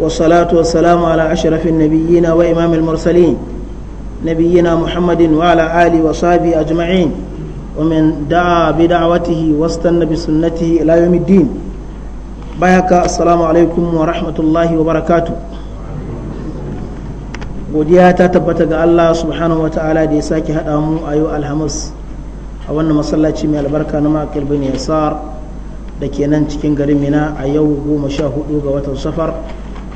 والصلاة والسلام على أشرف النبيين وإمام المرسلين نبينا محمد وعلى آله وصحبه أجمعين ومن دعا بدعوته واستنى بسنته إلى يوم الدين بيك السلام عليكم ورحمة الله وبركاته godiya ta tabbata ga Allah subhanahu wa ta'ala da ya sake haɗa mu a yau alhamis a wannan masallacin mai albarka na makil bin yasar da ke nan cikin garin mina a yau goma sha hudu ga watan safar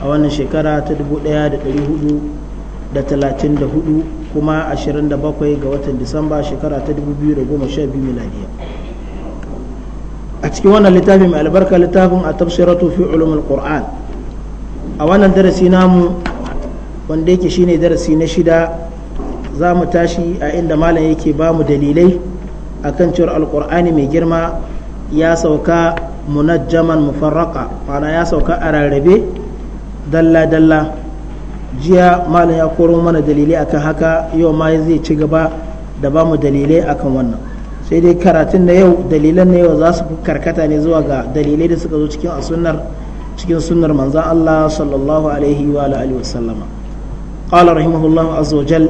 a wannan shekara ta 1434 kuma 27 ga watan disamba shekara ta 2012 miladiya a cikin wannan littafi mai albarka littafin a tafsiratu fi ulumul qur'an a wannan darasi namu wanda yake shine darasi na shida za mu tashi a inda malam yake ba mu dalilai a kan cewar alkur'ani mai girma ya sauka munajjaman mufarraka mana ya sauka a rarrabe dalla-dalla jiya malam ya koro mana dalilai akan haka yau ma zai ci gaba da ba mu dalilai akan wannan sai dai karatun na yau dalilan na yau za su karkata ne zuwa ga dalilai da suka zo cikin sunnar cikin sunnar manzan Allah sallallahu alaihi wa alihi wa sallama qala rahimahullahu azza wa jal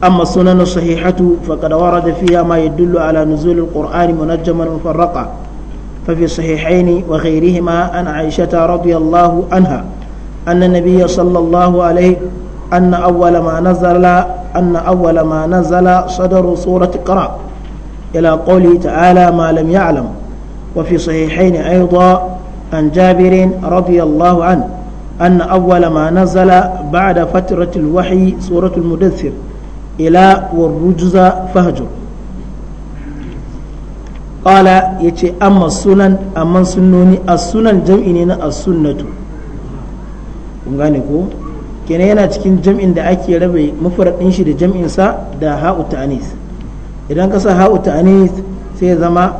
amma sunan sahihatu faqad warada fiha ma yadullu ala nuzul alquran munajjaman mufarraqa ففي الصحيحين وغيرهما عن عائشة رضي الله عنها أن النبي صلى الله عليه أن أول ما نزل أن أول ما نزل صدر سورة قرأ إلى قوله تعالى ما لم يعلم وفي صحيحين أيضا عن جابر رضي الله عنه أن أول ما نزل بعد فترة الوحي سورة المدثر إلى والرجز فهجر قال يتي أما السنن أما السنوني السنن جمعينينا السنة kun gane ko kenan yana cikin jam'in da ake rabe mufradin shi da jam'in sa da ha'u ta'anis idan ka sa ha'u ta'anis sai ya zama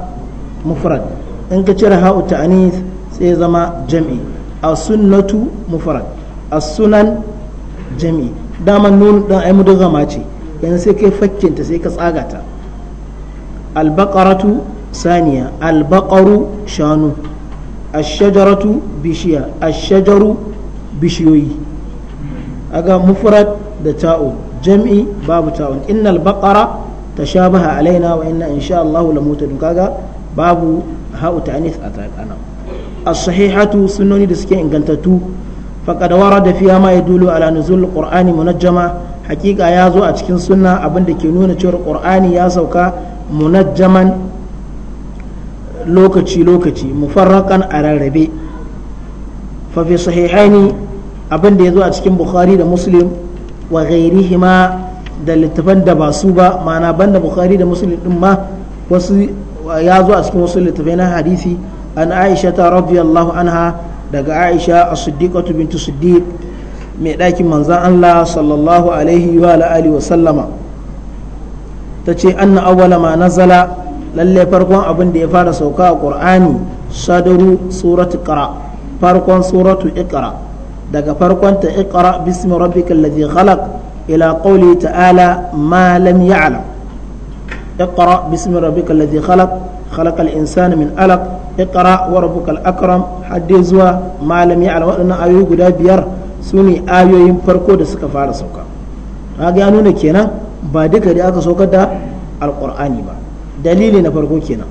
mufrad in ka cire ha'u ta'anis sai ya zama jam'i as-sunnatu mufrad as-sunan jam'i dama nun dan ai mudazama ce yanzu sai kai fakkinta sai ka tsaga ta al-baqaratu saniya al-baqaru shanu ash bishiya ash bishiyoyi aga mufrad da ta'u jam'i babu ta'u innal baqara tashabaha alaina wa inna insha Allah la mutadun kaga babu ha'u ta'nis a as-sahihatu sunnoni da suke ingantattu faqad warada fiha ma yadulu ala nuzul qur'ani munajjama hakika ya zo a cikin sunna abinda ke nuna cewa qur'ani ya sauka munajjaman lokaci lokaci mufarraqan a rarrabe fa fi sahihaini abin da ya zo a cikin bukhari da muslim wa ghairihima da littafan da ba su ba ma'ana banda bukhari da muslim din ma wasu ya zo a cikin wasu littafai na hadisi an aisha ta radiyallahu anha daga aisha a siddiqatu bintu siddiq mai ɗakin manzan allah sallallahu alaihi wa alihi wa sallama ta ce anna awwala ma nazala lalle farkon abin da ya fara sauka a qur'ani sadaru suratu qara farkon suratu iqra daga farkon ta iqra bismi rabbikal ladhi khalaq ila qawli ta'ala ma lam ya'lam iqra bismi rabbikal ladhi khalaq khalaqal insana min alaq iqra wa rabbukal akram hadde zuwa malam ya al waɗannan ayoyi guda biyar su ayoyin farko da suka fara sauka kaga ya nuna kenan ba duka da aka saukar da alƙur'ani ba dalili na farko kenan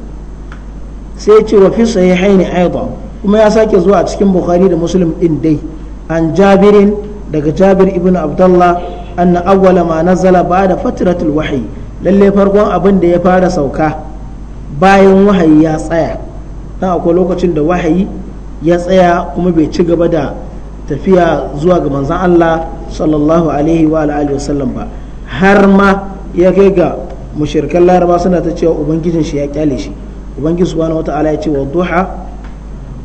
sai ce wa fi sahihaini aidan kuma ya sake zuwa a cikin bukhari da muslim ɗin dai an jabirin daga jabir ibn abdullah anna awwala ma ba da fatratul wahyi lallai farkon abin da ya fara sauka bayan wahayi ya tsaya na akwai lokacin da wahayi ya tsaya kuma bai ci gaba da tafiya zuwa ga manzon Allah sallallahu alaihi wa alihi wasallam ba har ma ya kai ga mushirkan laraba suna ta cewa ubangijin shi ya kyale shi ubangiji subhanahu wataala ya ce wa duha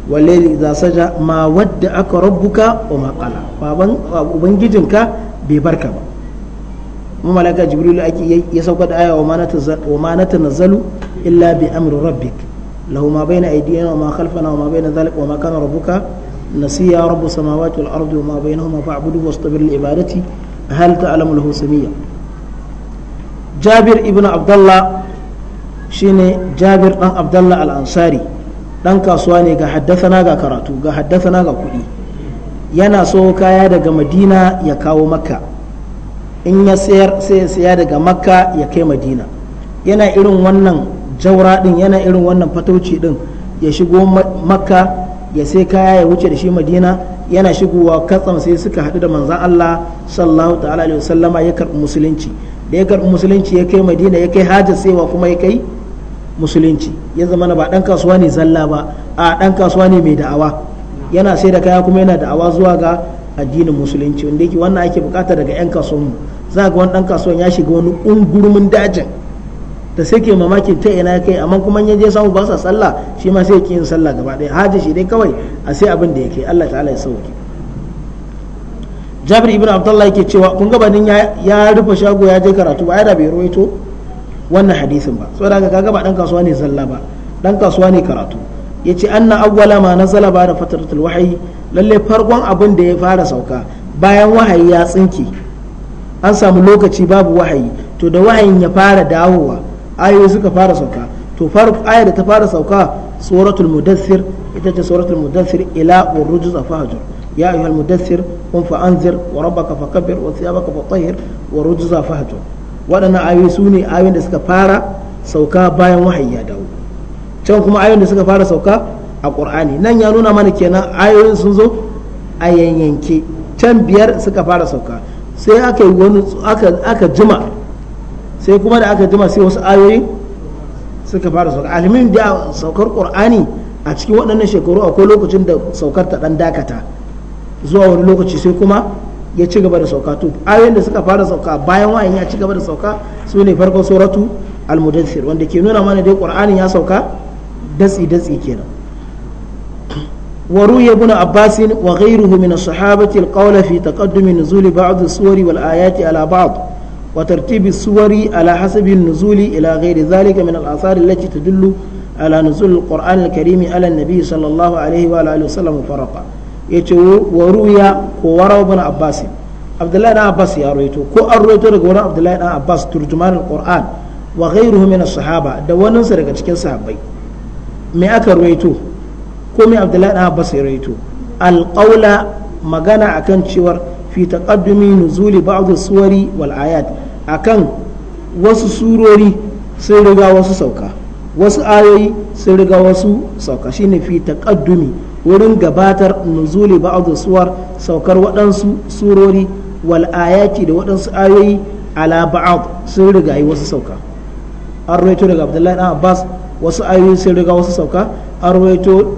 wallahi idza saja ma wadda aka rabbuka wa ma ba baban ubangijinka bai barka ba mu malaka jibrilu ake ya sauka da aya wa ma natanzalu illa bi amri rabbik lahu ma baina aydina wa ma khalfana wa ma baina dhalika wa ma kana rabbuka nasiya rabbu samawati wal ardi wa ma bainahuma fa'buduhu wastabir li ibadati hal ta'lamu lahu samia jabir ibn abdullah shine jabir dan abdullah al-ansari dan kasuwa ne ga haddasana ga karatu ga haddasana ga kuɗi yana so kaya daga madina ya kawo makka in ya sayar sai ya saya daga maka ya kai madina yana irin wannan jaura din yana irin wannan fatauci din ya shigo makka ya sai kaya ya wuce da shi madina yana shigowa katsam sai suka haɗu da manzan allah sallallahu ta'ala alaihi wasallama ya karɓi musulunci da ya karɓi musulunci ya kai madina ya kai sai wa kuma ya kai musulunci ya zama na ba dan kasuwa ne zalla ba a dan kasuwa ne mai da'awa yana sai da kaya kuma yana da'awa zuwa ga addinin musulunci wanda yake wannan ake bukata daga yan kasuwan mu za ga wani dan kasuwan ya shiga wani ungurmin dajin da sai ke mamaki ta ina kai amma kuma yaje samu ba sa sallah shi ma sai ke yin sallah gaba daya haji shi dai kawai a sai abin da yake Allah ta'ala ya sauke Jabir ibn Abdullah yake cewa kun ga ya rufe shago ya je karatu ba ya da bai ruwaito wannan hadisin ba saboda daga kaga ba dan kasuwa ne zalla ba dan kasuwa ne karatu yace anna awwala ma nazala ba da fatratul wahyi lalle farkon abin da ya fara sauka bayan wahayi ya tsinke an samu lokaci babu wahayi to da wahayin ya fara dawowa ayoyi suka fara sauka to ayar da ta fara sauka suratul mudassir ita ce suratul mudassir ila urujuz fahjur ya ayyuhal mudassir qum fa anzir wa rabbaka fakabbir wa thiyabaka fatahhir wa rujuz fahjur waɗannan ayoyi su ne ayoyin da suka fara sauka bayan wahayi ya dawo can kuma ayoyin da suka fara sauka a ƙur'ani nan ya nuna mana kenan ayoyin sun zo a yanyanke can biyar suka fara sauka sai aka yi wani aka jima sai kuma da aka jima sai wasu ayoyi suka fara sauka alimin da saukar ƙur'ani a cikin waɗannan shekaru akwai lokacin da saukar ta ɗan dakata zuwa wani lokaci sai kuma ya ci gaba da sauka to ayoyin da suka fara sauka bayan wayan ya ci gaba da sauka su ne farkon suratu al-mudathir wanda ke nuna mana dai qur'ani ya sauka datsi datsi kenan wa ruya ibn abbas wa ghayruhu min as-sahabati al fi taqaddum nuzul ba'd as-suwari wal ayati ala ba'd wa tartibi suwari ala hasab an-nuzul ila ghayri dhalika min al-athar allati tadullu ala nuzul al-qur'an al-karim ala an-nabi sallallahu alayhi wa alihi wa sallam ce wa ruya ko warawa bin abbas abdullahi dan abbas ya rawaito ko an rawaito daga wurin abdullahi dan abbas turjuman alquran wa ghayruhu min sahaba da wani sa daga cikin sahabbai me aka rawaito ko me abdullahi dan abbas ya rawaito alqaula magana akan cewar fi taqaddumi nuzuli ba'd suwari wal ayat akan wasu surori sun riga wasu sauka wasu ayoyi sun riga wasu sauka shine fi taqaddumi wurin gabatar nuzuli a suwar saukar waɗansu surori wal ayaki da waɗansu ayoyi ala ba'd sun riga yi wasu sauka an roito daga Abdullahi dan Abbas wasu ayoyi sun riga wasu sauka an roito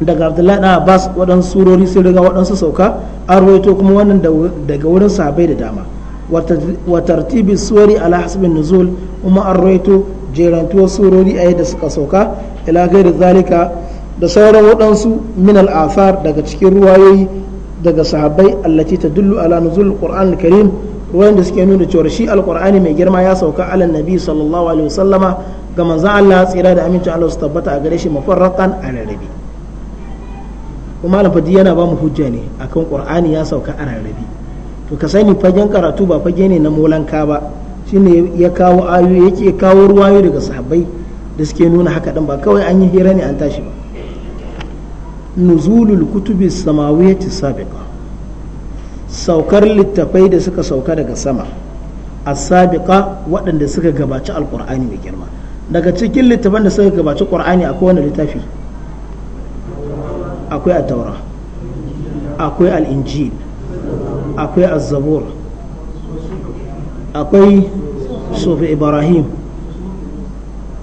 daga Abdullahi dan Abbas waɗansu surori sun riga waɗansu sauka an roito kuma wannan daga wurin sahabai da dama wa tartibi suwari ala hasbin nuzul kuma an jerantuwar surori a yadda suka sauka ila gairi zalika da sauran waɗansu min al'afar daga cikin ruwayoyi daga sahabbai allati ta dullu ala nuzul qur'an karim ruwayan da suke nuna cewa shi alqur'ani mai girma ya sauka ala nabi sallallahu alaihi wasallama ga manzon Allah tsira da amincin Allah su tabbata a gare shi mafarraqan a rarrabe kuma malam fadi yana ba mu hujja ne akan qur'ani ya sauka a rarrabe to ka sani fagen karatu ba fage ne na molanka ba shine ya kawo ayoyi yake kawo ruwayoyi daga sahabbai da suke nuna haka ɗin ba kawai an yi hira ne an tashi ba nuzulul الكتب السماوية السابقة saukar littafai da suka sauka daga sama as-sabiqa waɗanda suka gabaci alqur'ani mai girma daga cikin littafan da suka gabaci qur'ani akwai wani littafi akwai at-taura akwai al-injil akwai az-zabur akwai sufi ibrahim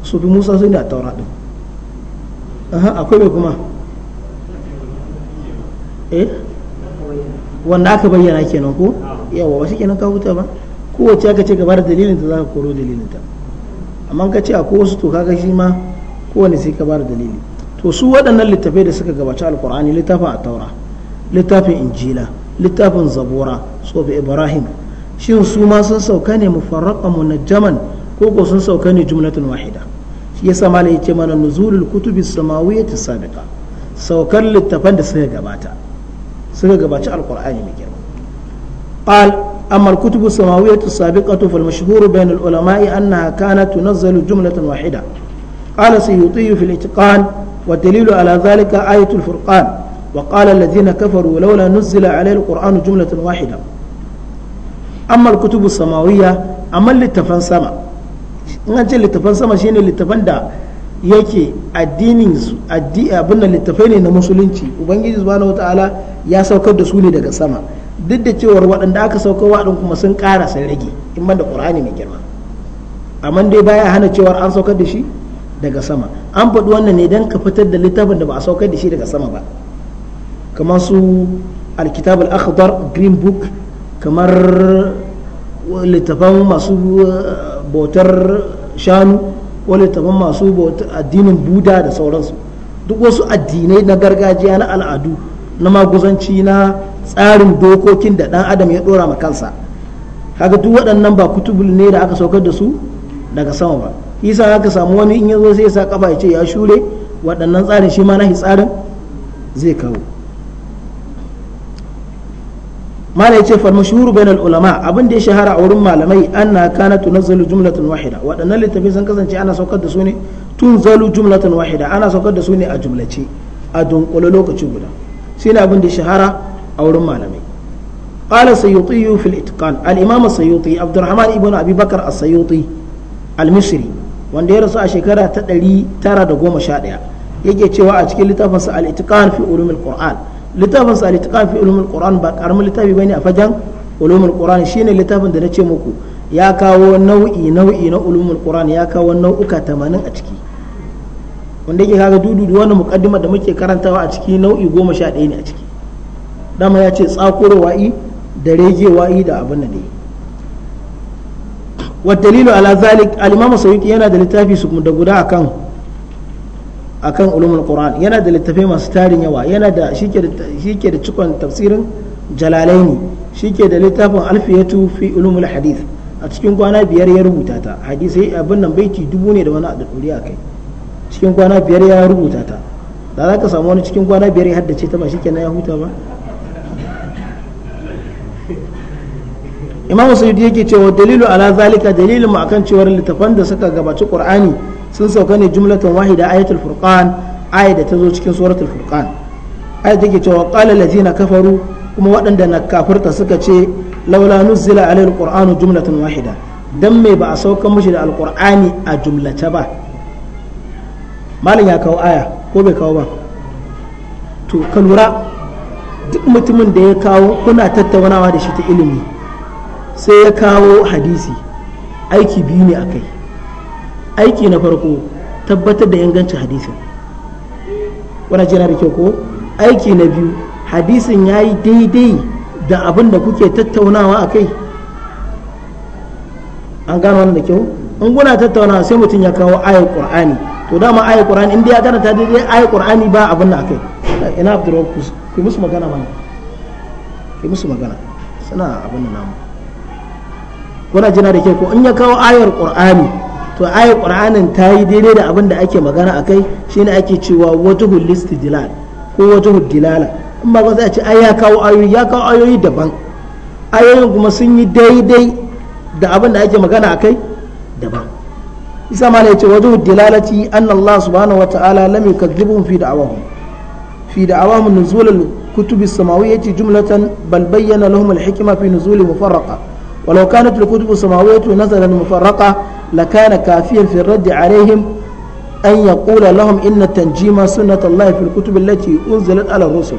sufi musa sun da taura din akwai mai kuma eh wanda aka bayyana kenan ko yawa ba shi kenan ka huta ba kowace aka ce gaba da dalilin ta za ka koro dalilin ta amma ka ce a ko wasu to kaga shi ma kowane sai ka bada dalili to su waɗannan littafai da suka gabaci alkur'ani littafin a taura littafin injila littafin zabura tsofi ibrahim shin su ma sun sauka ne mufarraqa munajjaman ko ko sun sauka ne jumlatun wahida shi yasa malai yace mana nuzulul kutubi samawiyyati sabiqa saukar littafan da suka gabata suka gabaci alqur'ani mai girma qal amma al-kutubu samawiyatu sabiqatu fal mashhuru bain al-ulama'i annaha kanat tunazzalu jumlatan wahida قال سيوطي في الاتقان والدليل على ذلك آية الفرقان وقال الذين كفروا لولا نزل عليه القرآن جملة واحدة أما الكتب السماوية أما اللي تفن سما إن اللي تفن سما شيء اللي تفن دا yake addinin abin da littafai ne na musulunci ubangiji subhanahu ta'ala ya saukar da su ne daga sama duk da cewar waɗanda aka saukar waɗin kuma sun ƙara sun rage in da ƙur'ani mai girma amma dai baya hana cewa an saukar da shi daga sama an faɗi wannan ne dan ka fitar da littafin da ba a saukar da shi daga sama ba kamar su alkitab al-akhdar green book kamar littafan masu eh, bautar shanu wani taban masu addinin buda da sauransu duk wasu addinai na gargajiya na al'adu na maguzanci na tsarin dokokin da dan adam ya dora ma kansa haka duk waɗannan ba kutubul ne da aka saukar da su daga sama ba isa aka samu wani in ya zo sai ya sa kafa ya ce ya shure waɗannan tsarin shi ma na tsarin zai kawo mala yace fal mashhur bainal ulama abin da ya shahara a wurin malamai anna kana tunazzalu jumlatan wahida wadannan littafai sun kasance ana saukar da su ne tunzalu jumlatan wahida ana saukar da su ne a jumlace a dunkule lokaci guda shine abin da ya shahara a wurin malamai قال السيوطي في الاتقان الامام السيوطي عبد الرحمن ابن ابي بكر السيوطي المصري wanda ya rasu a shekara ta 911 yake cewa a cikin littafinsa al-itqan fi ulumul qur'an littafin sa littafin ulumul qur'an ba karamin littafi bane a fagen ulumul qur'an shine littafin da nace muku ya kawo nau'i nau'i na ulumul qur'an ya kawo nau'uka 80 a ciki wanda yake kaga dudu wannan muqaddima da muke karantawa a ciki nau'i 11 ne a ciki dama ya ce tsakurowa'i da yi da abin da dai wa dalilu ala zalik al-imam yana da littafi su da guda akan akan ulumul qur'an yana da littafai masu tarin yawa yana da shike da cikon tafsirin jalalaini shike da littafin alfiyatu fi ulumul hadith a cikin kwana biyar ya rubuta ta hadisai abin nan baiti dubu ne da wani a duri a kai cikin kwana biyar ya rubuta ta da za ka samu wani cikin kwana biyar ya haddace ta ba shike na ya huta ba imam sayyid yake cewa dalilu ala zalika dalilin mu akan cewar littafan da suka gabaci qur'ani sun sauka ne jumlatan wahida ayatul furqan ayat da ta zo cikin suratul furqan ayat take cewa qala allazina kafaru kuma waɗanda na kafirta suka ce laula nuzila alaihi alqur'anu jumlatan wahida dan me ba a sauka mushi da alqur'ani a jumlace ba malam ya kawo aya ko bai kawo ba to ka lura duk mutumin da ya kawo kuna tattaunawa da shi ta ilimi sai ya kawo hadisi aiki biyu ne a kai aiki na farko tabbatar da ingancin hadisin wani jira da kyau ko aiki na biyu hadisin ya yi daidai da abin da kuke tattaunawa a kai an gano wani da kyau in kuna tattaunawa sai mutum ya kawo ayar qur'ani to dama ayar qur'ani inda ya karanta daidai ayar qur'ani ba abin da akai ina abdurrahman ku musu magana mana ku musu magana suna abin da namu kuna jira da kyau ko in ya kawo ayar qur'ani to ayar qur'anin ta yi daidai da abin da ake magana a kai shine ake cewa wata hulistidilal ko wata dilala, in ba sai a ce ai ya kawo ayoyi ya kawo ayoyi daban ayoyin kuma sun yi daidai da abin da ake magana a kai daban isa ma ne ce wata huddilalati an Allah subhanahu wa ta'ala lam yukadzibhum fi da'awahum fi da'awahum nuzul al-kutub as-samawiyyati jumlatan bal bayyana lahum al-hikma fi nuzul mufarraqa ولو كانت الكتب السماوية نزلا مفرقة لكان كافيا في الرد عليهم أن يقول لهم إن التنجيم سنة الله في الكتب التي أنزلت على الرسل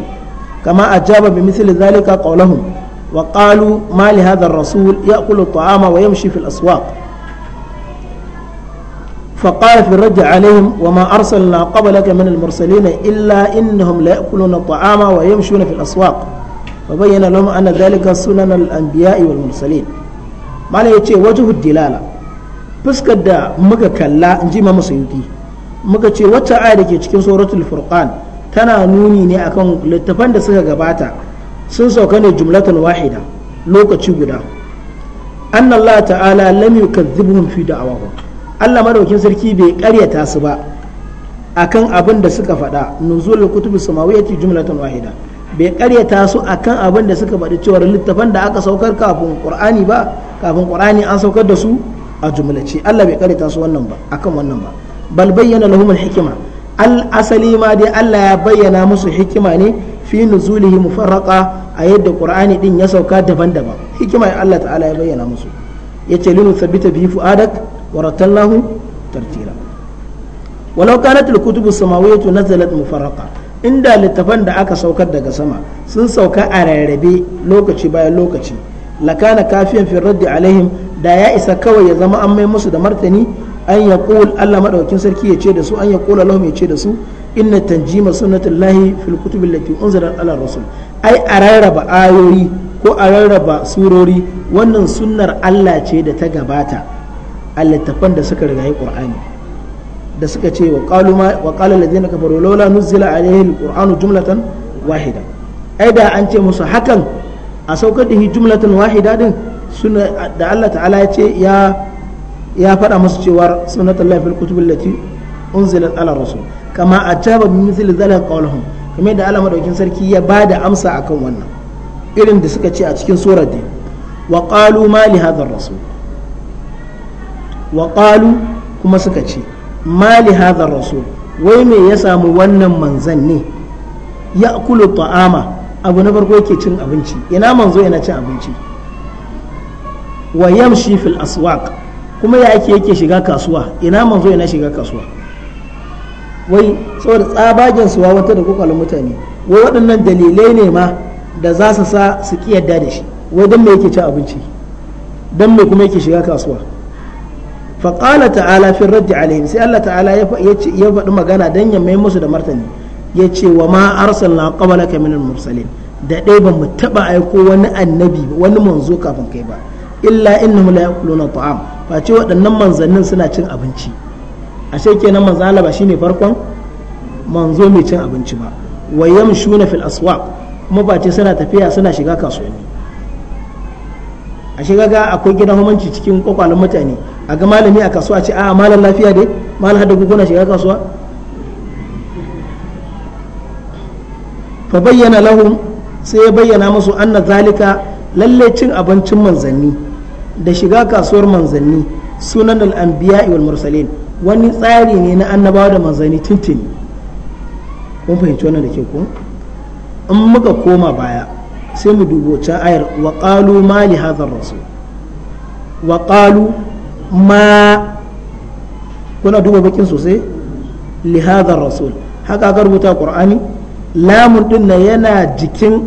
كما أجاب بمثل ذلك قولهم وقالوا ما لهذا الرسول يأكل الطعام ويمشي في الأسواق فقال في الرد عليهم وما أرسلنا قبلك من المرسلين إلا إنهم ليأكلون الطعام ويمشون في الأسواق فبين لهم أن ذلك سنن الأنبياء والمرسلين ما لا يتي وجه الدلالة fuskar da muka kalla in ji mamu muka ce wacce aya da ke cikin suratul furqan tana nuni ne akan littafan da suka gabata sun sauka ne jumlatan wahida lokaci guda an ta'ala lam yukazzibuhum fi da'awahum Allah madaukin sarki bai karyata su ba akan abin da suka faɗa nuzulul kutubi samawiyyati jumlatan wahida bai karyata su akan abin da suka faɗi cewa littafan da aka saukar kafin qur'ani ba kafin qur'ani an saukar da su a jumlace Allah bai karanta su wannan ba akan wannan ba bal bayyana lahum al-hikma al asali ma dai Allah ya bayyana musu hikima ne fi nuzulihi mufarraqa a yadda Qur'ani din ya sauka daban-daban hikima Allah ta'ala ya bayyana musu yace linu sabita bihi fuadak wa ratallahu tartila walau kanat al-kutubu samawiyatu nazalat mufarraqa inda littafan da aka saukar daga sama sun sauka a rarrabe lokaci bayan lokaci lakana kafiyan fi raddi alaihim da ya isa kawai ya zama an mai musu da martani an ya qul Allah madaukin sarki ya ce da su an ya qul lahum ya ce da su inna tanjima sunnatullahi fil da ke unzarar ala rasul ai a rarraba ayoyi ko a rarraba surori wannan sunnar Allah ce da ta gabata a da suka rigayi qur'ani da suka ce wa qalu ma wa qala alladhina kafaru lawla nuzila alayhi alqur'anu jumlatan wahida ai da an ce musu hakan a saukar da jumlatan wahida din suna da Allah ta'ala ya ce ya ya faɗa musu cewar sunnatullahi fil kutubil lati unzilat ala rasul kama ataba min mithl zalal qawluhum kamar da Allah madaukin sarki ya bada amsa akan wannan irin da suka ce a cikin surar din wa qalu ma li hadha rasul wa qalu kuma suka ce ma li hadha rasul wai me ya samu wannan manzan ne ya ta'ama abu na farko yake cin abinci ina manzo yana cin abinci wa yamshi fil aswaq kuma ya ake yake shiga kasuwa ina manzo yana shiga kasuwa wai saboda tsabagen suwa wata da kokalin mutane wai waɗannan dalilai ne ma da za su sa su ki yadda da shi wai dan me yake ci abinci dan me kuma yake shiga kasuwa fa qala ta'ala fi raddi alaihim sai Allah ta'ala ya ya faɗi magana dan ya mai musu da martani ya ce wa ma arsalna qablaka minal mursalin da ɗaya ban mu taɓa aiko wani annabi wani manzo kafin kai ba illa innahum la yaquluna ta'am face waɗannan manzannin suna cin abinci ashe kenan manzo Allah ba shine farkon manzo mai cin abinci ba wa yamshuna fil aswaq kuma ba ce suna tafiya suna shiga kasuwanni ashe kaga akwai gidan hukunci cikin kokwalin mutane a ga malami a kasuwa ce a malam lafiya dai malam hada kuna shiga kasuwa fa bayyana lahum sai ya bayyana musu anna zalika lalle cin abincin manzanni da shiga kasuwar manzanni sunan al'anbiya wal mursalin wani tsari ne na annabawa da manzanni tuntun kun fahimci wannan da ke ku in muka koma baya sai mu dubo can ayar wa ma li hazar rasu wa ma kuna duba bakin sosai li hazar rasul haka aka rubuta qur'ani lamun din na yana jikin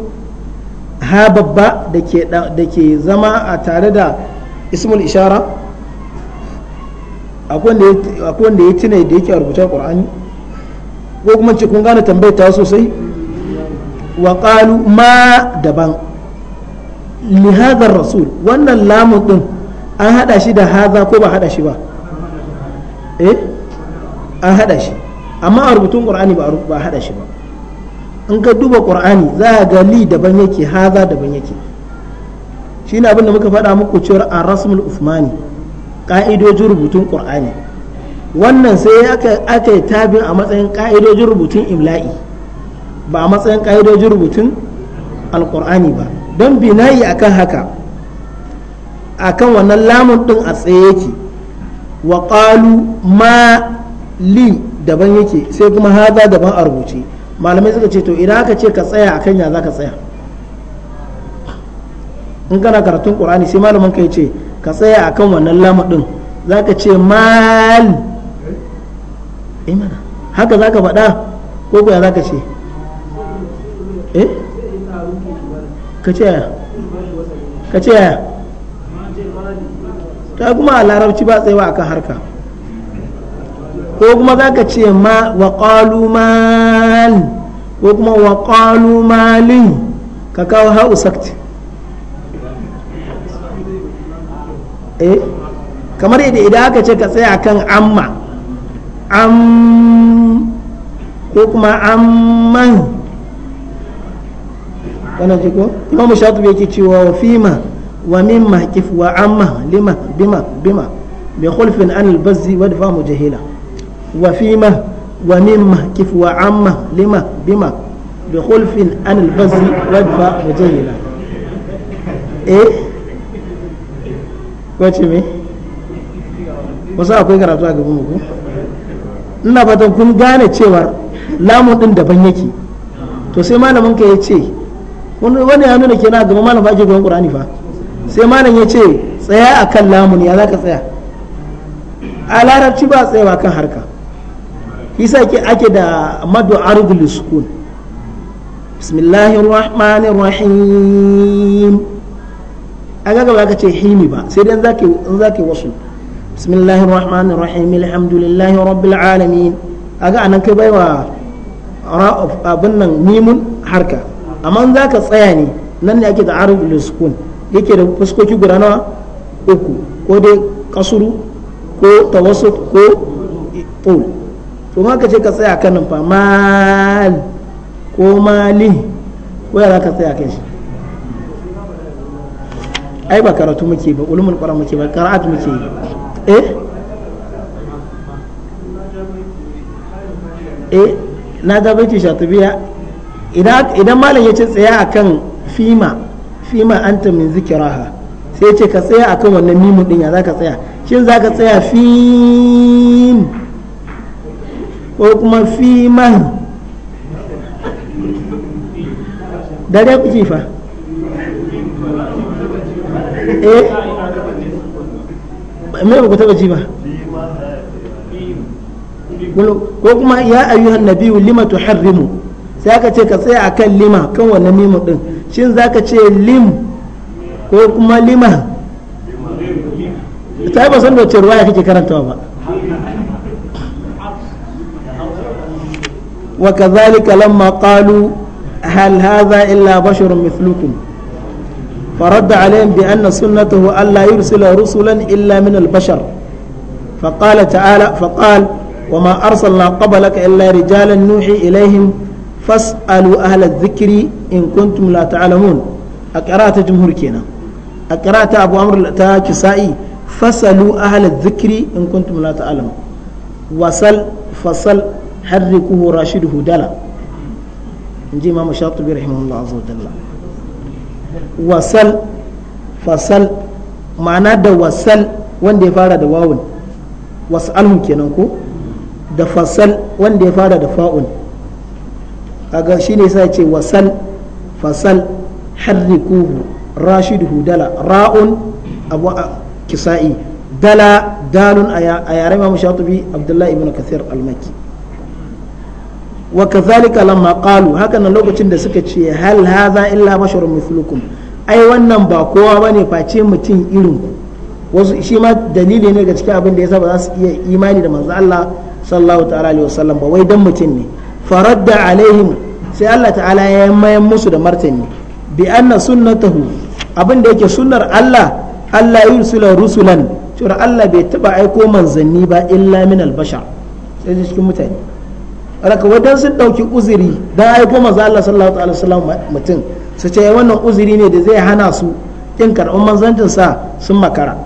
ha babba da ke zama a tare da ismul ishara akwai wanda ya tunai da yake a rubuta ƙwar'ani ko kuma ce kun gane tambayar ta sosai wa ƙalu ma daban li hadha rasul wannan lamun din an hada shi da haza ko ba hada shi ba eh an hada shi amma a rubutun ƙwar'ani ba a hada shi ba in ka duba ƙwar'ani za a ga li daban yake haza daban yake shi ne abinda muka faɗa muku cewar a rasmul usmani ƙa'idojin rubutun ƙur'ani wannan sai aka yi tabin a matsayin ƙa'idojin rubutun imla'i ba a matsayin ƙa'idojin rubutun alƙur'ani ba don binayi akan haka a kan wannan lamun ɗin a tsaye yake wa ƙalu ma li daban yake sai kuma haza daban a rubuce malamai suka ce to idan aka ce ka tsaya akan ya za ka tsaya in kana karatun qur'ani sai malamin ka ce ka tsaya akan wannan lamadin zaka ce mal imana eh haka zaka faɗa ko kuwa zaka ce eh ka ce ka ce ta kuma a larabci ba tsayawa akan harka ko kuma zaka ce ma wa qalu mal ko kuma wa qalu malin ka kawo ha'u sakti eh kamar yadda idan aka ce ka tsaya kan amma am ko kuma amman wani ce ko imamu shatu bai ke cewa wa fima wa mimma kif wa amma lima bima bima bi khulfin an al-bazzi wa dafa jahila wa fima wa mimma kif wa amma lima bima bi khulfin an al-bazzi wa dafa jahila eh ko ce me wasu akwai karatu a gaban ku ina fatan kun gane cewa lamun din daban yake to sai malamin ka ya ce wani ya nuna kenan gaban malam fa ake gaban qur'ani fa sai malam ya ce tsaya akan lamun ya zaka tsaya a larabci ba tsayawa kan harka yasa ke ake da madu ardul sukun bismillahir rahmanir a ga gaba ka ce himi ba sai dai in za ka yi wasu bismillahir rahmanir rahim alhamdulillahi rabbil alamin a ga anan kai baiwa ra'uf abin nan mimun harka amma in za ka tsaya ne nan ne ake da arab sukun yake da fuskoki guda nawa uku ko dai kasuru ko tawassut ko tul to ma ka ce ka tsaya kan nan fa mal ko mali ko ya za ka tsaya kan shi ai ba karatu muke ba ulumul qur'an muke ba qira'at muke eh eh na ga baiti shatibiya idan idan malam ya ce tsaya akan fima fima anta min zikraha sai ce ka tsaya akan wannan mimun din ya zaka tsaya shin zaka tsaya fim ko kuma fiman dare kuke fa eh me ba ku taba ji ba ko kuma ya ayyuhan nabiyyu lima tuharrimu sai aka ce ka tsaya akan lima kan wannan mimu din shin zaka ce lim ko kuma lima ta ba san da wace ruwaya kake karantawa ba وكذلك لما قالوا هل هذا illa بشر مثلكم فرد عليهم بأن سنته ألا يرسل رسلا إلا من البشر فقال تعالى فقال وما أرسلنا قبلك إلا رجالا نوحي إليهم فاسألوا أهل الذكر إن كنتم لا تعلمون أقرأت جمهور كينا أقرأت أبو أمر كسائي فاسألوا أهل الذكر إن كنتم لا تعلمون وصل فصل حركه راشده دلا نجي إمام الشاطبي رحمه الله عز وجل wasal fasal ma'ana da wasal wanda ya fara da wawun wasalhum kenan ko da fasal wanda ya fara da fa'un kaga ne sai ce wasal fasal harrikuhu rashiduhu dala ra'un abu kisa'i dala dalun a yare ma shatubi abdullahi ibn kathir al-makki wa kazalika lamma qalu haka lokacin da suka ce hal hadha illa basharun mithlukum ai wannan ba kowa bane face mutum irin ku wasu shi ma dalili ne ga cikin abin da yasa ba za su iya imani da manzo Allah sallallahu ta'ala alaihi wasallam ba wai dan mutum ne faradda alaihim sai Allah ta'ala ya yammayan musu da martani bi anna sunnatahu abin da yake sunnar Allah Allah yursila rusulan cewa Allah bai taba aiko manzanni ba illa min albasha. sai cikin mutane raka wadan sun dauki uzuri dan aiko manzo Allah sallallahu alaihi wasallam mutum su ce wannan uzuri ne da zai hana su in karɓar manzancin sa sun makara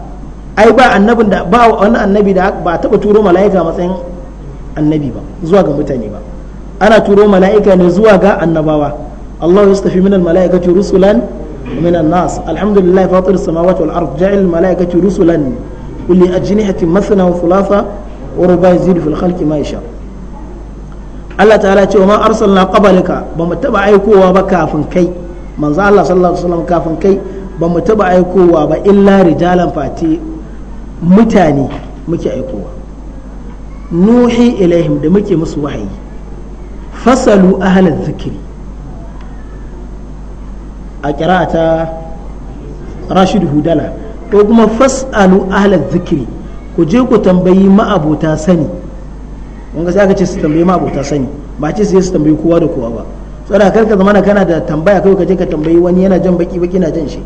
ai ba annabin da ba wani annabi da ba taba turo mala'ika matsayin annabi ba zuwa ga mutane ba ana turo mala'ika ne zuwa ga annabawa Allah ya stafi min al-mala'ikati rusulan min an-nas alhamdulillah fatir samawati wal ard ja'al mala'ikati rusulan kulli ajnihati mathna wa thulatha wa ruba yazid fil khalqi ma yasha' Allah ta'ala ce wa ma arsalna qabalaka ba mu taba aikowa ba kafin kai manzo Allah sallallahu alaihi wasallam kafin kai ba mu taba aikowa ba illa rijalan fati mutane muke aikowa nuhi ilaihim da muke musu wahayi fasalu ahlal zikri a kira'ata rashidu hudala ko kuma fasalu ahlal zikri ku je ku tambayi ma'abota sani mun ga sai aka ce su tambaye ma abota sani ba ce su su tambayi kowa da kowa ba saboda kar ka zamana kana da tambaya kai ka je ka tambayi wani yana jan baki baki na jan shi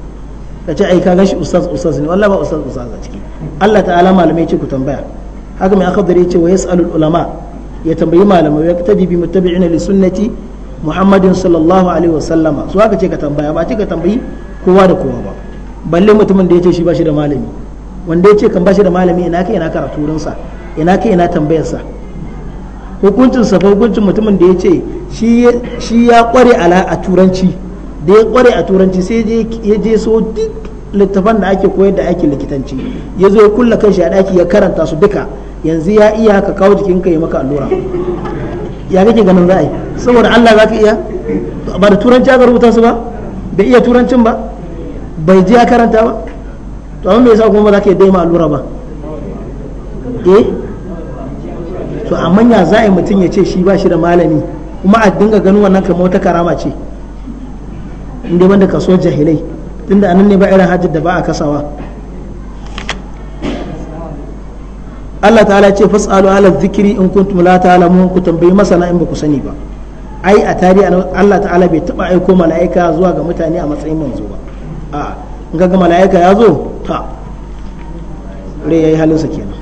ka ce ai ka gashi ustaz ustaz ne wallahi ba ustaz ustaz a ciki Allah ta'ala malamai ce ku tambaya haka mai akhadari ya ce wa yas'alul ulama ya tambayi malamai ya tabi bi muttabi'ina li sunnati muhammadin sallallahu alaihi wa sallama su haka ce ka tambaya ba ce ka tambayi kowa da kowa ba balle mutumin da ya ce shi ba shi da malami wanda ya ce kan ba shi da malami ina kai ina karatu wurinsa ina kai ina tambayarsa hukuncin safa hukuncin mutumin da ya ce shi ya kware ala a turanci da ya kware a turanci sai ya je so duk littafan da ake koyar da ake likitanci ya zo ya kulla shi a daki ya karanta su duka yanzu ya iya haka kawo jikinka ya maka allura ya kake ganin za a yi saboda Allah za ka iya ba da turanci aka rubuta su ba bai iya turancin ba bai je ya karanta ba to amma me yasa kuma ba za ka yi daima allura ba eh to amma ya za a yi mutum ya ce shi ba shi da malami kuma a dinga ganin wannan kamar wata karama ce inda ka kaso jahilai tunda anan ne ba irin hajjar da ba a kasawa Allah ta'ala ce fas'alu ala zikiri in kuntum la ta'lamun ku tambayi masana in ba ku sani ba ai a tarihi Allah ta'ala bai taba aiko mala'ika zuwa ga mutane a matsayin manzo ba a in ga mala'ika ya zo ta rai yayi sa kenan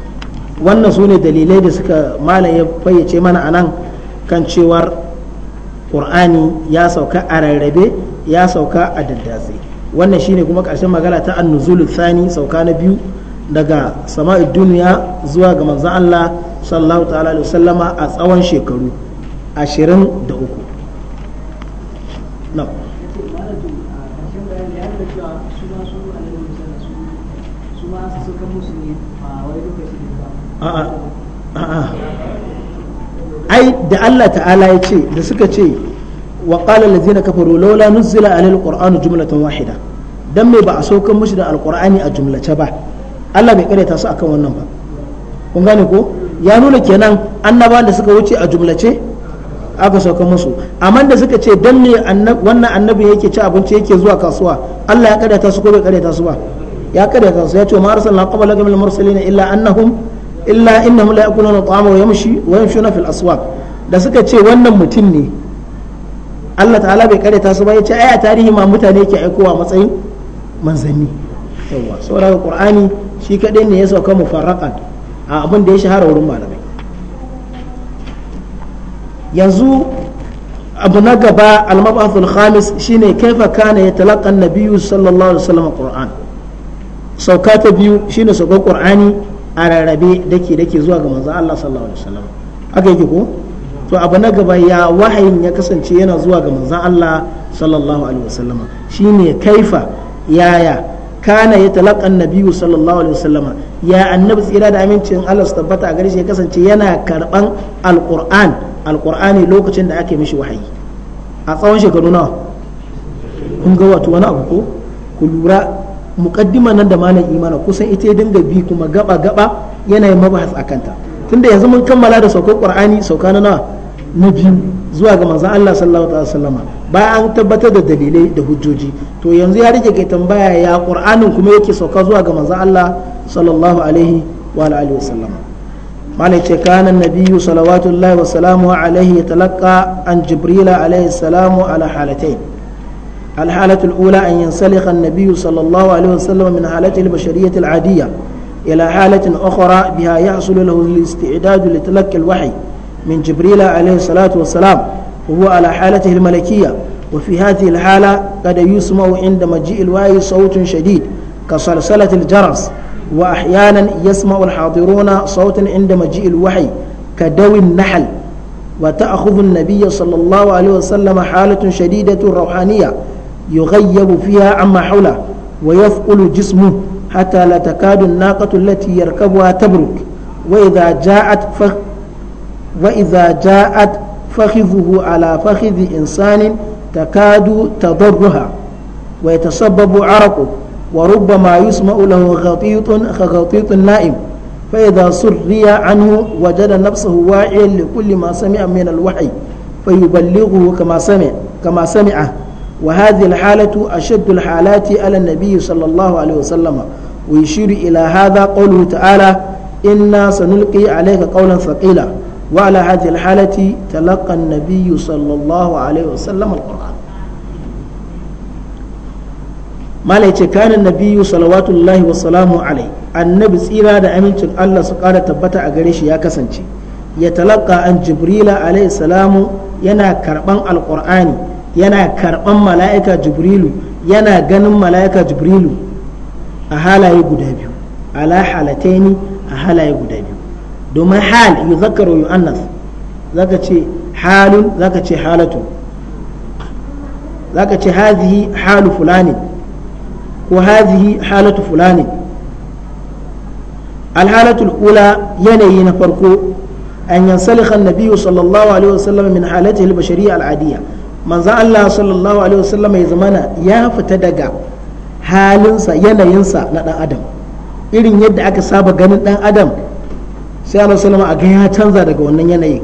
wannan su ne dalilai da suka malam ya fayyace mana a nan kan cewar ƙur'ani ya sauka a rarrabe ya sauka a daddatse wannan shi ne kuma ƙarshen magana ta nuzulu thani sauka na biyu daga sama'id duniya zuwa ga manzon Allah sallallahu ta'ala alaihi sallama a tsawon shekaru 23 uku. a'a a'a ai da Allah ta'ala ya ce da suka ce wa qala allazina kafaru laula nuzila alal qur'anu jumlatan wahida dan me ba a saukar mushi da alqur'ani a jumlace ba Allah bai karyata su akan wannan ba kun gane ko ya nuna kenan annabawan da suka wuce a jumlace aka sauka musu amma da suka ce dan ne wannan annabi yake ci abinci yake zuwa kasuwa Allah ya karyata su ko bai karyata su ba ya karyata su ya ce ma arsalna qabla min mursalin illa annahum illa innahum la yakuluna ta'ama wa yamshi wa yamshuna fil aswaq da suka ce wannan mutum ne Allah ta'ala bai karyata su ba yace ai a tarihi ma mutane ke aikowa matsayin manzanni yawa saboda qur'ani shi kadai ne ya sauka mufarraqan a abin da ya shahara wurin malamai yanzu abu na gaba al-mabathul khamis shine kaifa kana yatalaqqa an-nabiyyu sallallahu alaihi wasallam qur'an sauka ta biyu shine saukar qur'ani a rarrabe dake dake zuwa ga manzon Allah sallallahu alaihi wasallam aka yake ko to abu na gaba ya wahayin ya kasance yana zuwa ga manzon Allah sallallahu alaihi wasallam shine kaifa yaya kana ya talaka annabiyu sallallahu alaihi wasallama ya annabi tsira da amincin Allah su tabbata a gare shi ya kasance yana karban alquran alqurani lokacin da ake mishi wahayi a tsawon shekaru nawa kun ga wato wani abu ko ku lura muqaddima nan da malam imana kusan ita ya dinga bi kuma gaba gaba yana yin mabahas akanta tunda yanzu mun kammala da saukar qur'ani sauka na nawa na biyu zuwa ga manzon Allah sallallahu alaihi wasallama bayan an tabbatar da dalilai da hujjoji to yanzu ya rike kai tambaya ya qur'anin kuma yake sauka zuwa ga manzon Allah sallallahu alaihi wa alihi wasallama malam ce kana nabiyyu salawatullahi wa salamuhu alaihi yatalaqqa an jibrila alaihi salamu ala halatayn الحالة الأولى أن ينسلخ النبي صلى الله عليه وسلم من حالته البشرية العادية إلى حالة أخرى بها يحصل له الاستعداد لتلقي الوحي من جبريل عليه الصلاة والسلام وهو على حالته الملكية وفي هذه الحالة قد يسمع عند مجيء الوحي صوت شديد كصلصلة الجرس وأحيانا يسمع الحاضرون صوتا عند مجيء الوحي كدوي النحل وتأخذ النبي صلى الله عليه وسلم حالة شديدة روحانية يغيب فيها عما حوله ويثقل جسمه حتى لا تكاد الناقة التي يركبها تبرك وإذا جاءت فخ وإذا جاءت فخذه على فخذ إنسان تكاد تضرها ويتسبب عرقه وربما يسمع له غطيط كغطيط النائم فإذا سري عنه وجد نفسه واعيا لكل ما سمع من الوحي فيبلغه كما سمع كما سمعه وهذه الحالة أشد الحالات على النبي صلى الله عليه وسلم ويشير إلى هذا قوله تعالى إنا سنلقي عليك قولا ثقيلا وعلى هذه الحالة تلقى النبي صلى الله عليه وسلم القرآن ما ليت كان النبي صلوات الله وسلامه عليه النبي سيرا دا أمين الله سقالة تبتا أغريش يا كسنشي يتلقى أن جبريل عليه السلام ينا كربان القرآن yana karban mala'ika jibrilu yana ganin mala'ika jibrilu a halaye guda biyu ala halataini a halaye guda biyu domin hal yi zakaru yi annas zaka ce halun zaka ce halatu zaka ce hazihi halu fulani ko hazihi halatu fulani alhalatul ula yanayi na farko an yansalikha an-nabiy sallallahu alaihi wasallam min halatihi al-bashariyya al-adiyya manzan Allah sallallahu alaihi wasallam ya zamana ya fita daga halinsa yanayinsa na dan adam irin yadda aka saba ganin dan adam sai Allah a ga ya canza daga wannan yanayi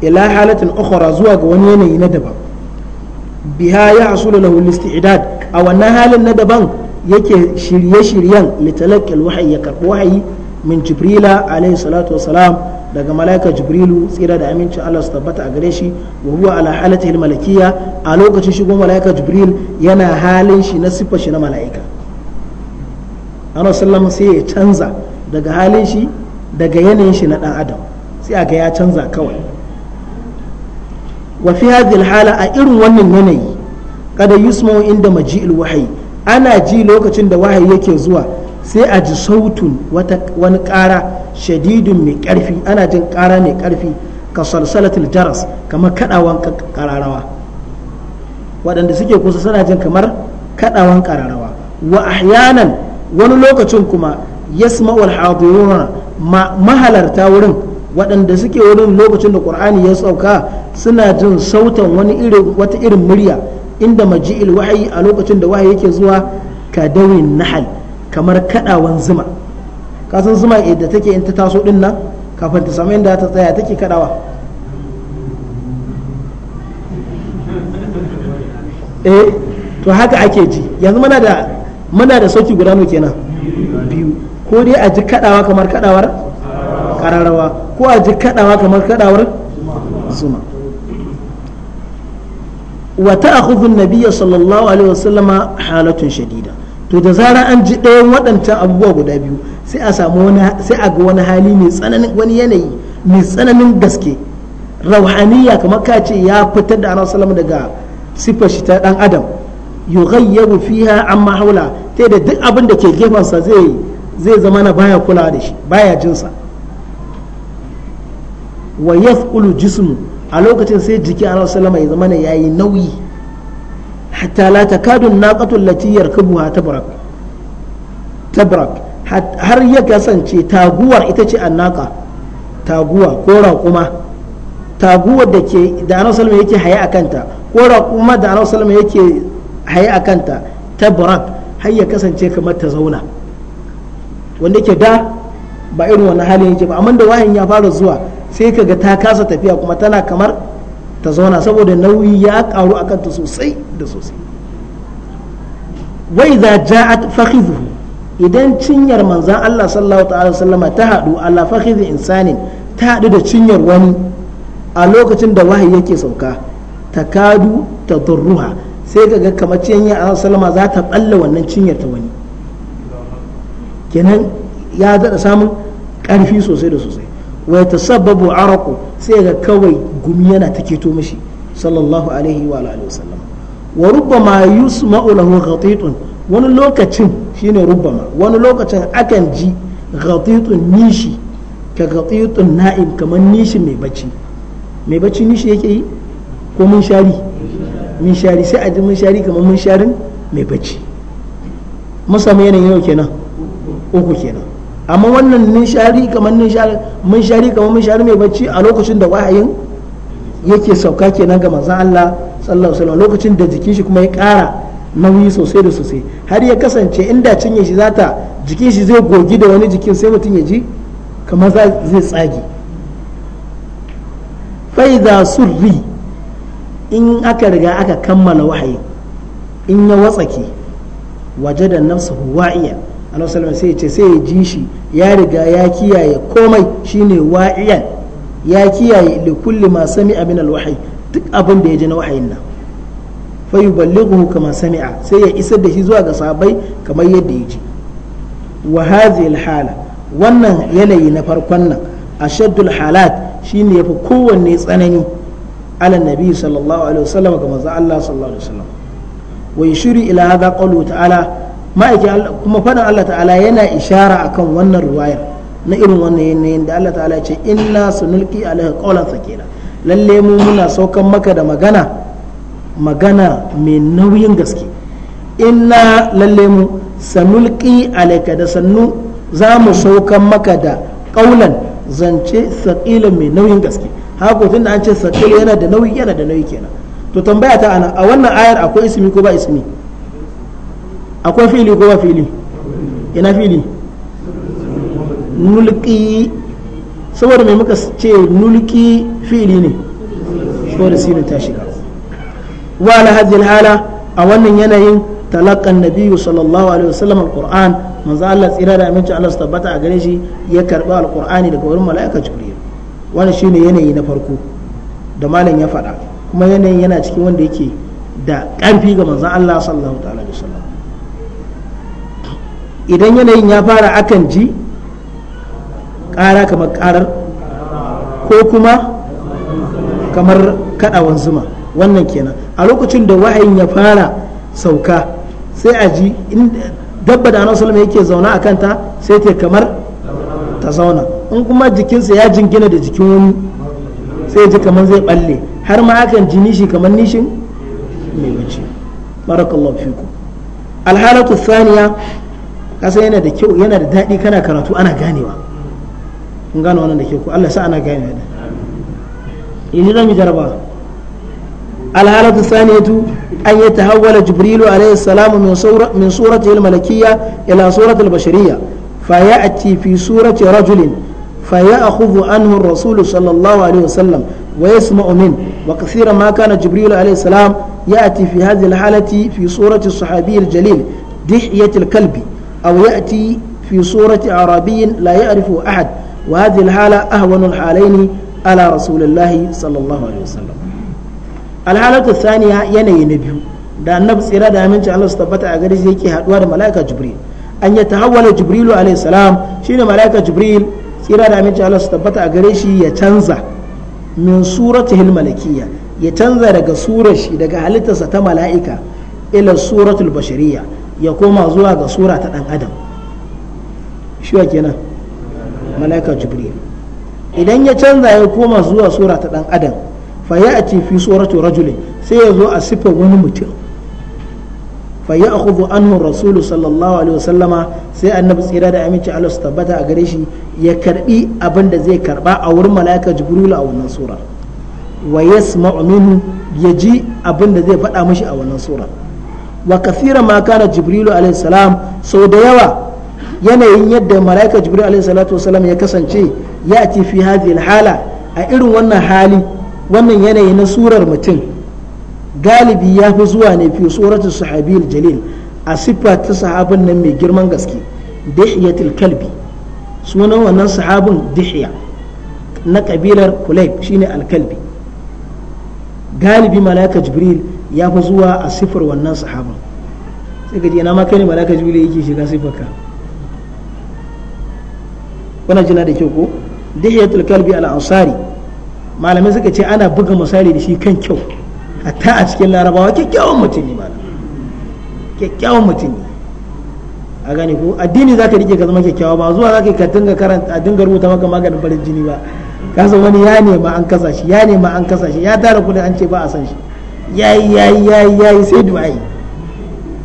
ila halatin ukhra zuwa ga wani yanayi na daban biha ya hasulu lahu al-isti'dad a wannan halin na daban yake shirye-shiryen litalaqqi al-wahyi ya karbi wahayi min jibrila alaihi salatu wasalam daga malaika jibrilu tsira da amincin Allah su tabbata a gare shi wa huwa ala halatihi malakiya a lokacin shigo malaika jibril yana halin shi na siffar shi na malaika ana sallam sai ya canza daga halin shi daga yanayin shi na dan adam sai a ga ya canza kawai wa fi hadhihi hala a irin wannan yanayi kada yusma'u inda maji'il wahyi ana ji lokacin da wahayi yake zuwa sai a ji sautun wani ƙara shadidun mai ƙarfi ana jin ƙara mai ƙarfi ka salsalatul jaras kamar kaɗawan ƙararrawa waɗanda suke kusa suna jin kamar kaɗawan ƙararrawa wa ahyanan wani lokacin kuma yasma'u al-hadiruna mahalarta wurin waɗanda suke wurin lokacin da qur'ani ya sauka suna jin sautan wani irin wata irin murya inda maji'il wahayi a lokacin da wahayi yake zuwa ka dawin nahal kamar kadawan zuma kasan zuma da take in ta taso din nan kafin ta samu inda ta tsaya take kadawa eh to haka ake ji yanzu muna da muna da sauki guda kenan biyu ko dai a ji kadawa kamar kadawar kararrawa ko a ji kadawa kamar kadawar zuma wa ta'khudhu an-nabiy sallallahu alaihi wasallama halatun shadida to da zara an ji ɗayan waɗancan abubuwa guda biyu sai a samu wani sai a ga wani hali mai tsananin wani yanayi mai tsananin gaske rauhaniya kamar ka ce ya fitar da annabi sallallahu daga sifar shi ta dan adam yughayyabu fiha amma haula ta da duk abin da ke sa zai zai zama na baya kula da shi baya jinsa wa yafqulu jismu a lokacin sai jiki annabi sallallahu ya zama yayi nauyi hatta la takadu naqatu allati yarkabuha tabrak tabrak har ya kasance taguwar ita ce annaka taguwa ko raƙuma taguwar da ke da annabi sallallahu yake haye ko raƙuma da annabi sallallahu yake haye akanta tabrak har ya kasance kamar ta zauna wanda ke da ba irin wani halin yake ba amma da wahayin ya fara zuwa sai kaga ta kasa tafiya kuma tana kamar ta zauna saboda nauyi ya karu a kanta sosai da sosai wai za ja'at fakhidhu idan cinyar manzan Allah sallallahu ta'ala sallama ta haɗu ala fakhidhi insanin ta haɗu da cinyar wani a lokacin da wahayi yake sauka takadu ta durruha sai ka ga kamar cinyar Allah sallama za ta balla wannan cinyar ta wani kenan ya daɗa samun ƙarfi sosai da sosai wa yatasabbabu araqu sai ga kawai gumi yana take to mishi sallallahu alaihi wa alihi wasallam wa rubbama yusma'u lahu ghatitun wani lokacin shine rubbama wani lokacin akan ji ghatitun nishi ka ghatitun na'im kamar nishi mai bacci mai bacci nishi yake yi ko mun shari mun shari sai a ji mun shari kamar mun sharin mai bacci masa samu yau kenan uku kenan amma wannan nishari kamar nishari mun shari kamar mun shari mai bacci a lokacin da wahayin yake sauka kenan ga manzon Allah sallallahu alaihi wasallam lokacin da jikin shi kuma ya kara nauyi sosai da sosai har ya kasance inda cinye shi zata jikin shi zai gogi da wani jikin sai mutum ya ji kamar zai tsagi faiza surri in aka riga aka kammala wahayi in ya watsake waje da nafsu wa'iyan annabi sai ya ce sai ya ji shi ya riga ya kiyaye komai shine wa'iyan ya kiyaye li kulli ma sami'a min alwahyi duk abin da ya ji na wahayin nan fa yuballighu kama sami'a sai ya isar da shi zuwa ga sahabbai kamar yadda ya ji wa hadhihi hala wannan yanayi na farkon nan ashaddul halat shine yafi kowanne tsanani ala nabi sallallahu alaihi wasallam ga manzo Allah sallallahu alaihi wasallam wa yushiru ila hadha qawlu ta'ala ma'aikin kuma faɗin Allah ta'ala yana ishara akan wannan ruwayar na irin wannan yanayin da Allah ta'ala ce inna sunulki alaihi qawlan sakila lalle mu muna saukan maka da magana magana mai nauyin gaske inna lalle mu sanulki alaika da sannu za mu saukan maka da qawlan zance sakila mai nauyin gaske haka da an ce sakila yana da nauyi yana da nauyi kenan to tambaya ta ana a wannan ayar akwai ismi ko ba ismi akwai fili ko ba fili ina fili nulki saboda mai muka ce nulki fili ne saboda sinu ta shiga wa ala hadhihi hala a wannan yanayin talakan nabiyu sallallahu alaihi wasallam alquran manzo Allah tsira da aminci Allah su tabbata a gare shi ya karba alqurani daga wurin mala'ika jibril wannan shine yanayi na farko da malam ya faɗa kuma yanayin yana cikin wanda yake da ƙarfi ga manzo Allah sallallahu alaihi wasallam idan yanayin ya fara akan ji ƙara kamar ƙarar ko kuma kamar kaɗawan zuma wannan kenan a lokacin da wahayin ya fara sauka sai a ji dabba da anasul yake zauna a kanta sai ta kamar ta zauna in kuma jikinsa ya jingina da jikin wani sai ji kamar zai balle har ma akan ji nishi kamar nishin mai wuce barakallahu fiku alhalatu thaniya kasa yana da kyau yana da daɗi kana karatu ana ganewa kun gane wannan da kyau ku Allah sa ana ganewa da yanzu zan yi jaraba alhalatu saniyatu an yi tahawwala jibrilu alayhi salamu min surati al-malakiyya ila surati al-bashariyya fa ya'ti fi surati rajulin fa ya'khudhu anhu ar-rasul sallallahu alaihi wasallam ويسمع منه وكثيرا ما كان جبريل عليه السلام يأتي fi هذه الحالة في صورة الصحابي الجليل دحية kalbi. أو يأتي في صورة أعرابي لا يعرف أحد وهذه الحالة أهون الحالين على رسول الله صلى الله عليه وسلم الحالة الثانية يني نبي da annabi tsira da aminci Allah su tabbata a gare shi yake haduwa da malaika jibril an ya tahawwala jibrilu alayhi salam shine malaika jibril tsira da aminci Allah su tabbata a gare shi ya canza min suratihil malakiyya ya canza daga surar shi daga halittarsa ta mala'ika ila suratul bashariyya ya koma zuwa ga sura ta dan adam shi kenan malaika jibril idan ya canza ya koma zuwa sura ta dan adam fa ya ati fi suratu rajulin sai ya zo a sifa wani mutum fa ya akhudhu anhu rasulu sallallahu alaihi wasallama sai annabi tsira da aminci Allah su tabbata a gare shi ya karbi abin da zai karba a wurin malaika jibril a wannan sura wa yasma'u minhu ya ji abin da zai faɗa mishi a wannan sura wa kafira ma kana jibrilu alaihi salam sau da yawa yanayin yadda malaika jibril alaihi salatu wasalam ya kasance ya ci fi hadhihi hala a irin wannan hali wannan yanayi na surar mutum galibi ya fi zuwa ne fi suratul sahabiyul jalil a siffa ta sahabin nan mai girman gaske dihiyatul kalbi sunan wannan sahabin dihiya na kabilar kulayb shine alkalbi galibi malaika jibril ya fi zuwa a sifar wannan sahaban sai ka ji ina ma kai ne malaka jibril yake shiga sifarka wannan jina da kyau ko dihiyatul kalbi al ansari malamai suka ce ana buga misali da shi kan kyau hatta a cikin larabawa kyakkyawan mutum ne malam kyakkyawan mutum ne a gane ko addini za ka rike ka zama kyakkyawa ba zuwa za ka ka dinga karanta a dinga rubuta maka maganin farin jini ba ka wani ya nema an kasa shi ya nema an kasa shi ya tara kudin an ce ba a san shi yayi yayi yayi yayi sai du'ai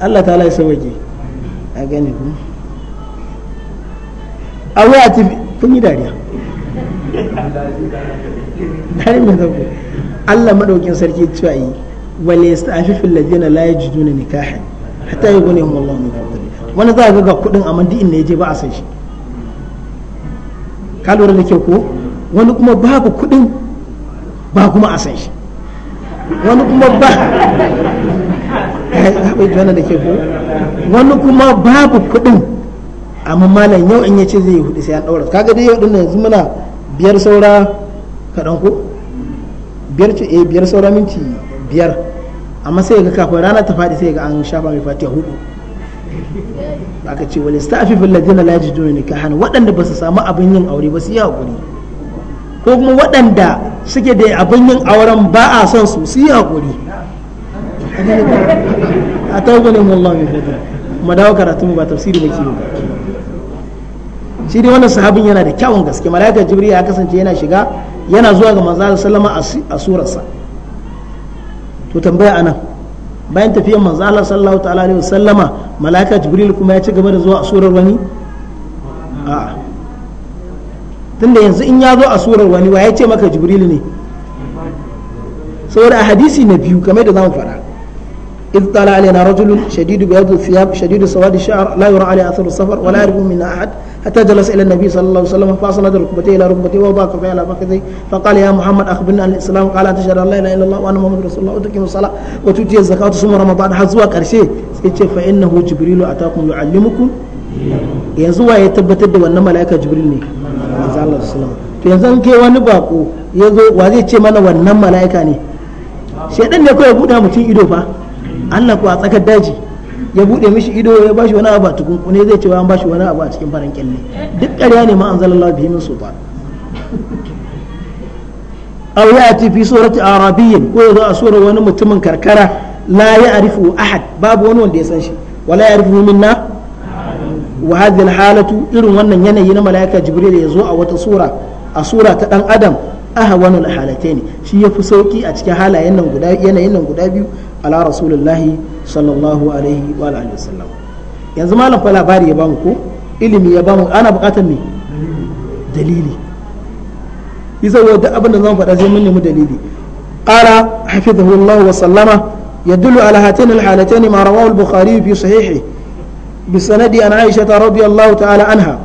Allah ta'ala ya sauke a gani ku a wuya ta kun yi dariya dariya mai zafi Allah madaukin sarki cewa yi wale ya stafi filladina la ya jidu na nikaha hatta yi gune mu Allah mai fadli wani za a ga kudin amma duk inda ya je ba a san shi ka lura da kyau ko wani kuma babu kudin ba kuma a san shi wani kuma ba haɓe eh, jona da ke ko wani kuma babu kuɗin amma malam yau in ya ce zai yi hudu sai an ɗaura kaga dai yau din yanzu muna biyar saura kaɗan ko biyar ce eh biyar saura minti biyar amma sai ga kafin rana ta faɗi sai ga an shafa mai fatiha hudu aka ce wal istafifil ladina la yajiduna nikahan waɗanda ba su samu abin yin aure ba su yi hakuri ko kuma waɗanda suke da abin yin auren ba a son su su yi haƙuri a taugunin Allah mai fata ma dawo karatu ba tafsiri ba ke shi dai wannan sahabin yana da kyawun gaske malaikar jibril ya kasance yana shiga yana zuwa ga manzo sallama a surarsa to tambaya anan bayan tafiyar manzo Allah sallallahu ta'ala alaihi wasallama malaikar jibril kuma ya ci gaba da zuwa a surar wani a'a tunda yanzu in ya zo a surar wani wa ya ce maka jibril ne saboda a hadisi na biyu kamar da zamu faɗa إذ طلع علينا رجل شديد بياض الثياب شديد سواد الشعر لا يرى عليه أثر السفر ولا يعرف منا أحد حتى جلس إلى النبي صلى الله عليه وسلم فأسند ركبتيه إلى ركبتيه ووضع كفيه على فخذيه فقال يا محمد أخبرنا عن الإسلام قال أن تشهد أن لا إله إلا الله وأن محمد رسول الله وتقيم الصلاة وتؤتي الزكاة وتصوم رمضان حزوا كرشي فإنه جبريل أتاكم يعلمكم yanzu wa ya tabbatar da wannan mala'ika jibril ne sallallahu alaihi wasallam to yanzu an kai wani bako ya zo wa zai ce mana wannan mala'ika ne shaidan ne kawai buɗe mutum ido fa Allah ko a tsakar daji ya buɗe mishi ido ya bashi wani abu a tukun ne zai ce an bashi wani abu a cikin farin kyalle duk ƙarya ne ma an zalla Allah bihi min sultan aw ya'ti fi surati arabiyyin ko yazo a surar wani mutumin karkara la ya'rifu ahad babu wani wanda ya san shi wala ya'rifu minna wa hadhihi halatu irin wannan yanayi na malaika jibril ya zo a wata sura a sura ta dan adam ahwanu halataini shi yafi sauki a cikin halaye nan guda yanayin nan guda biyu ala rasulullahi sallallahu alaihi wa alihi wasallam yanzu malam fa labari ya bamu ko ilimi ya bamu ana bukatar dalili da zan faɗa sai mun nemi dalili qala hafizahu Allah wa sallama يدل على هاتين الحالتين ما رواه البخاري في صحيحه بسند عن عائشة رضي الله تعالى عنها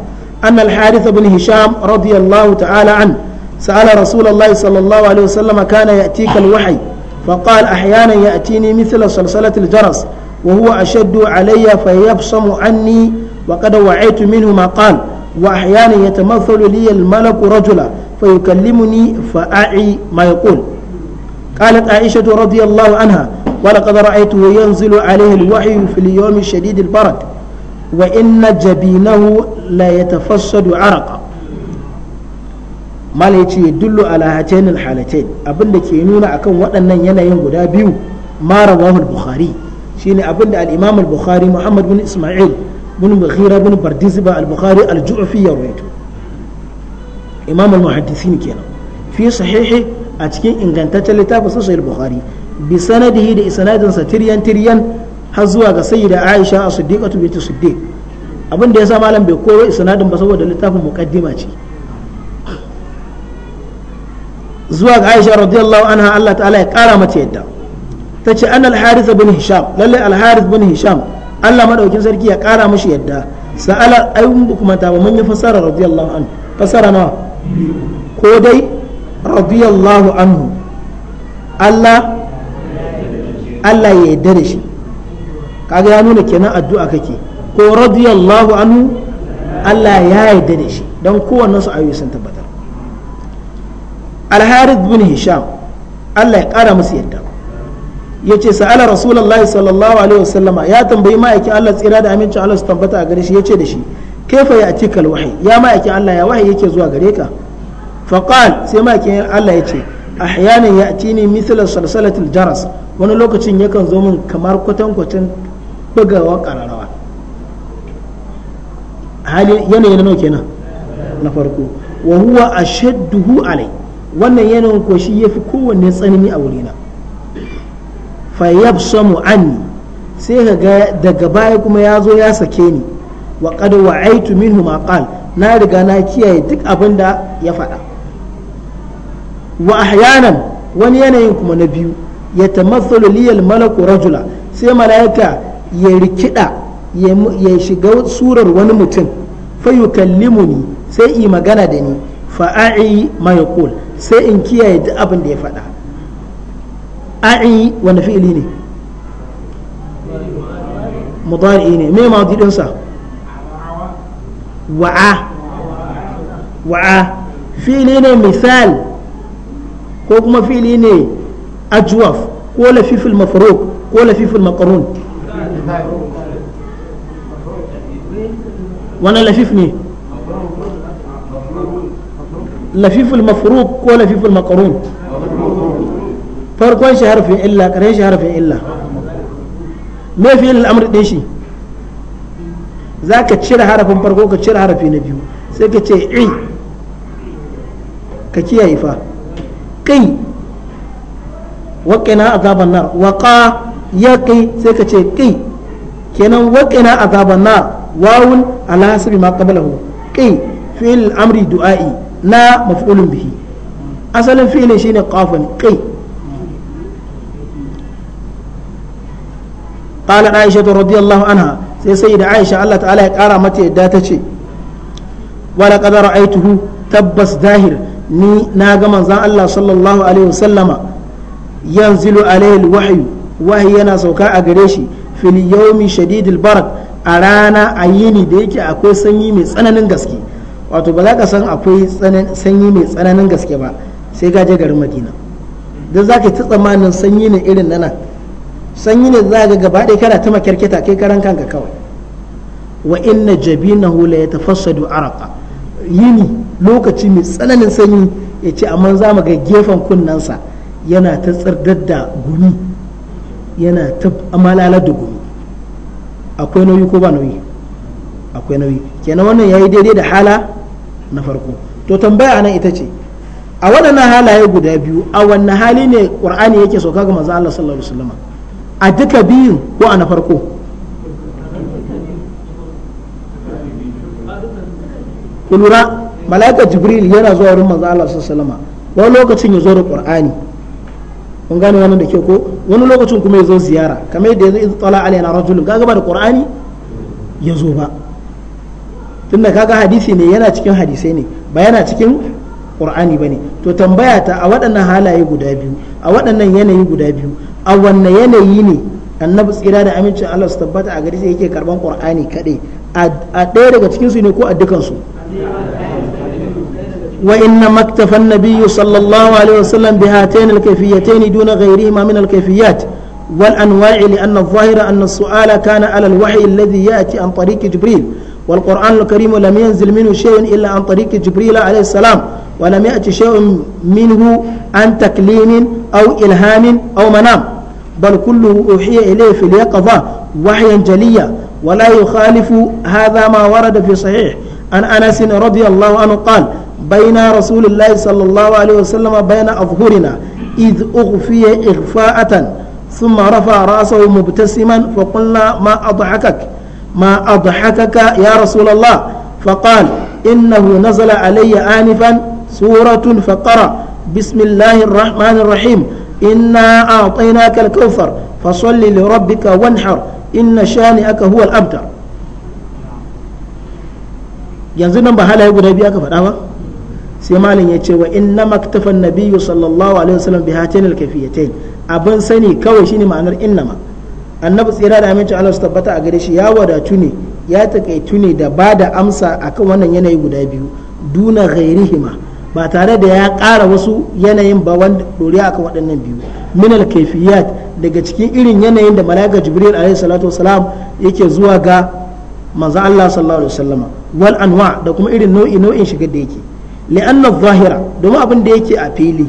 أن الحارث بن هشام رضي الله تعالى عنه سأل رسول الله صلى الله عليه وسلم كان يأتيك الوحي فقال أحيانا يأتيني مثل صلصلة الجرس وهو أشد علي فيبصم عني وقد وعيت منه ما قال وأحيانا يتمثل لي الملك رجلا فيكلمني فأعي ما يقول قالت عائشة رضي الله عنها ولقد رأيته ينزل عليه الوحي في اليوم الشديد البرد wa inna jabinahu la yatafassadu araqa mala yace yadullu ala hatain abinda ke nuna akan waɗannan yanayin guda biyu ma rawahu shine abinda al-imam al-bukhari muhammad bin muhaddisin kenan fi sahihi a cikin littafin da sa har zuwa ga sayyida aisha a siddiqatu bintu siddiq abin da yasa malam bai koyo isnadin ba saboda littafin muqaddima ce zuwa ga aisha radiyallahu anha Allah ta'ala ya kara mata yadda ta ce an al-harith bin hisham lalle al-harith bin hisham Allah madaukin sarki ya kara mishi yadda sa'ala ayyun bukumata ba mun yi fasara radiyallahu anhu fasara nawa ko dai radiyallahu anhu Allah Allah ya yarda da shi kaga ya nuna kenan addu'a kake ko radiyallahu anhu Allah ya yarda da shi don kowanne su ayoyi sun tabbatar al-harith bin hisham Allah ya kara musu yarda yace sa'ala rasulullahi sallallahu alaihi wasallama ya tambayi ma'aikin Allah tsira da amincin Allah su tabbata a gare shi yace da shi kaifa ya atika alwahyi ya ma'aikin Allah ya wahayi yake zuwa gare ka faqal sai ma'aikin Allah yace ahyanan ya'tini mithla salsalatil jaras wani lokacin yakan zo min kamar kwatankwacin bugawa kararawa hali yanayi na kenan na farko wa huwa ashadduhu alai wannan yanayin ko shi fi kowanne tsanani a wurina fa yabsamu anni sai ka ga daga baya kuma ya zo ya sake ni wa qad wa'aitu minhu ma qal na riga na kiyaye duk abin da ya faɗa wa ahyanan wani yanayin kuma na biyu ya tamathalu liyal malaku rajula sai mala'ika ya rikida ya shiga surar wani mutum fayukallimuni sai yi magana da ni fa'a'i ma yaqul sai in kiyaye duk abin da ya faɗa a'i wani fi'ili ne mudari ne me ma didin sa wa'a wa'a fi'ili ne misal ko kuma fi'ili ne ajwaf ko lafiful mafruq ko lafiful maqrun wannan lafif ne lafiful mafruq ko lafiful makarun farkon shi harfin illa ƙarshen shi harfin illa me fi'il al'amr din shi ka cire harafin farko ka cire harafi na biyu sai ka ce i ka kiyaye fa kai wa qina azaban nar wa ya yaqi sai ka ce kai kenan waqina azaban nar wawun ala hasbi ma qablahu qi fi'l amri du'a'i na maf'ulun bihi asalin fi'lin shine qafan qi قالت عائشة رضي الله عنها سيدة عائشة الله تعالى قال متى داتشي ولقد رأيته تبس ظاهر ni na ga manzan Allah sallallahu alaihi wasallama yanzilu alaihi wahayu wahayi yana sauka a gare shi fil yawmi shadidil barak a rana a yini da yake akwai sanyi mai tsananin gaske wato ba za ka san akwai sanyi mai tsananin gaske ba sai gaje je garin madina don za ta tsammanin sanyi ne irin na sanyi ne za ga gaba ɗaya kana ta makyarketa kai karan kanka kawai wa inna jabinahu la yatafassadu araqa yini lokaci mai tsananin sanyi ya ce amma za mu ga gefen kunnensa yana ta tsirdar da gumi yana ta amalala da gumi akwai nauyi ko ba nauyi akwai nauyi kenan wannan yayi daidai da hala na farko to tambaya nan ita ce a hala halaye guda biyu a wanne hali ne qur'ani yake sauka ga manzo Allah sallallahu alaihi wasallam a duka biyun ko a na farko ku lura jibril yana zuwa wurin manzo Allah sallallahu alaihi wasallam wani lokacin ya zo da qur'ani kun gane wannan da ke ko wani lokacin kuma ya zo ziyara kamar yadda yanzu izu tsala alaina rajulun ga gaba da qur'ani ya zo ba tunda kaga hadisi ne yana cikin hadisai ne ba yana cikin qur'ani bane to tambaya ta a waɗannan halaye guda biyu a waɗannan yanayi guda biyu a wanne yanayi ne annabi tsira da amincin Allah su tabbata a gari sai yake karban qur'ani kadai a ɗaya daga cikin su ne ko a dukan su وإنما اكتفى النبي صلى الله عليه وسلم بهاتين الكيفيتين دون غيرهما من الكيفيات والأنواع لأن الظاهر أن السؤال كان على الوحي الذي يأتي عن طريق جبريل والقرآن الكريم لم ينزل منه شيء إلا عن طريق جبريل عليه السلام ولم يأتي شيء منه عن تكليم أو إلهام أو منام بل كله أوحي إليه في اليقظة وحيا جليا ولا يخالف هذا ما ورد في صحيح عن أنس رضي الله عنه قال بين رسول الله صلى الله عليه وسلم بين أظهرنا إذ أغفي إغفاءة ثم رفع رأسه مبتسما فقلنا ما أضحكك ما أضحكك يا رسول الله فقال إنه نزل علي آنفا سورة فقرأ بسم الله الرحمن الرحيم إنا أعطيناك الكوثر فصل لربك وانحر إن شانئك هو الأبتر yanzu nan ba halaye guda biyu aka faɗa ba sai malam ya ce wa inna maktafan nabiyyu sallallahu alaihi wasallam bi hatin alkafiyatain abin sani kawai shine ma'anar ma annabi tsira da aminci Allah su tabbata a gare shi ya wadatu ne ya takaitu ne da ba da amsa akan wannan yanayi guda biyu duna ghairihima ba tare da ya kara wasu yanayin ba wanda doriya akan waɗannan biyu min alkafiyat daga cikin irin yanayin da malaika jibril alaihi salatu wasalam yake zuwa ga manzo Allah sallallahu alaihi wasallama wal anwa da kuma irin nau'i nau'in shigar da yake li'anna zahira domin abin da yake a fili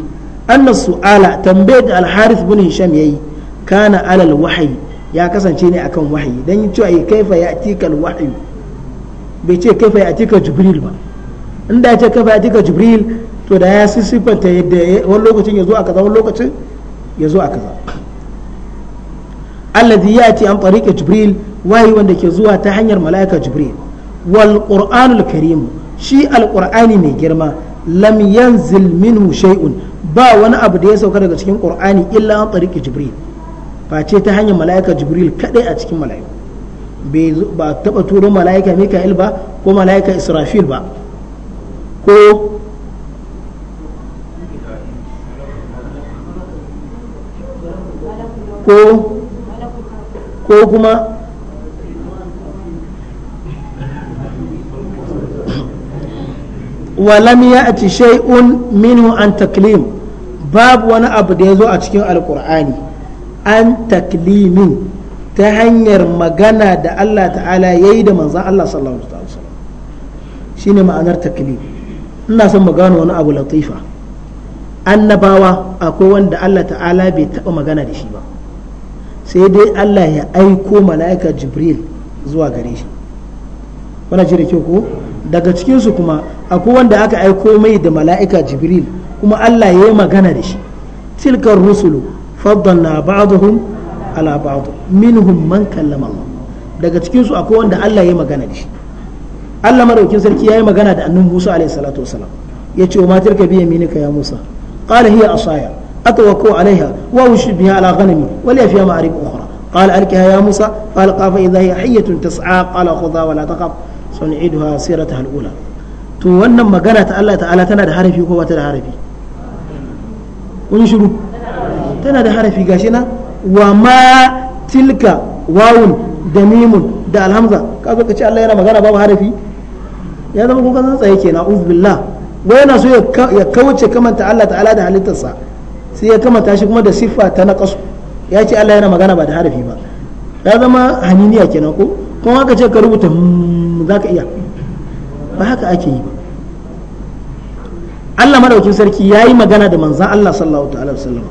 anna su'ala tambayar da al-harith bin hisham yayi kana alal wahayi ya kasance ne akan wahayi dan yi cewa kaifa ya'tika al-wahyu bai ce kaifa ya'tika jibril ba inda ya ce kaifa ya'tika jibril to da ya sifanta yadda wani lokacin ya zo a kaza wani lokacin ya zo a kaza an jibril wanda ke zuwa ta hanyar mala'ika jibril wal qur'anul karim shi alkur'ani mai girma lam yanzil minhu shay'un ba wani abu da ya sauka daga cikin qur'ani illa an tariki jibril face ta hanyar mala'ika jibril kadai a cikin mala'iku ba taba turo mala'ika mika'il ba ko mala'ika israfil ba ko ko kuma walam ya'ti shay'un minhu an taklim babu wani abu da ya zo a cikin alkur'ani an taklimin ta hanyar magana da Allah ta'ala ya yi da manzan Allah sallallahu shi ne ma'anar taklim ina son mu gano wani abu latifa annabawa akwai wanda Allah ta'ala bai taɓa magana da shi ba sai dai Allah ya aiko mala'ika jibril zuwa gare shi wani ji da kyau ko daga cikinsu kuma akwai wanda aka aiko mai da mala'ika jibril kuma Allah ya yi magana da shi tilkar rusulu faddalna ba'dhum ala ba'd minhum man kallama Allah daga cikin su akwai wanda Allah ya yi magana da shi Allah maraukin sarki ya yi magana da annun Musa alaihi salatu wasalam ya ce wa matarka biya minika ya Musa qala hiya asaya atawakkau alaiha wa ushi biha ala ghanami wa li fiha ma'arib ukhra قال ألقها يا موسى فألقى فإذا هي حية تسعى قال خذها ولا تخف سنعيدها سيرتها الأولى to wannan magana ta Allah ta'ala tana da harafi ko bata da harafi kun shiru tana da harafi gashi na wa ma tilka wawun da mimun da alhamza ka zo ka ce Allah yana magana babu harafi ya zama kuka zan tsaye kenan uz billah wai yana so ya kauce kamanta Allah ta'ala da halittarsa sai ya kamata shi kuma da siffa ta naqasu ya ce Allah yana magana ba da harafi ba ya zama haniniya kenan ko kuma ka ce ka rubuta hmm, za ka iya ba haka ake yi ba Allah madaukin sarki ya yi magana da manzan Allah sallallahu ta'ala wasallam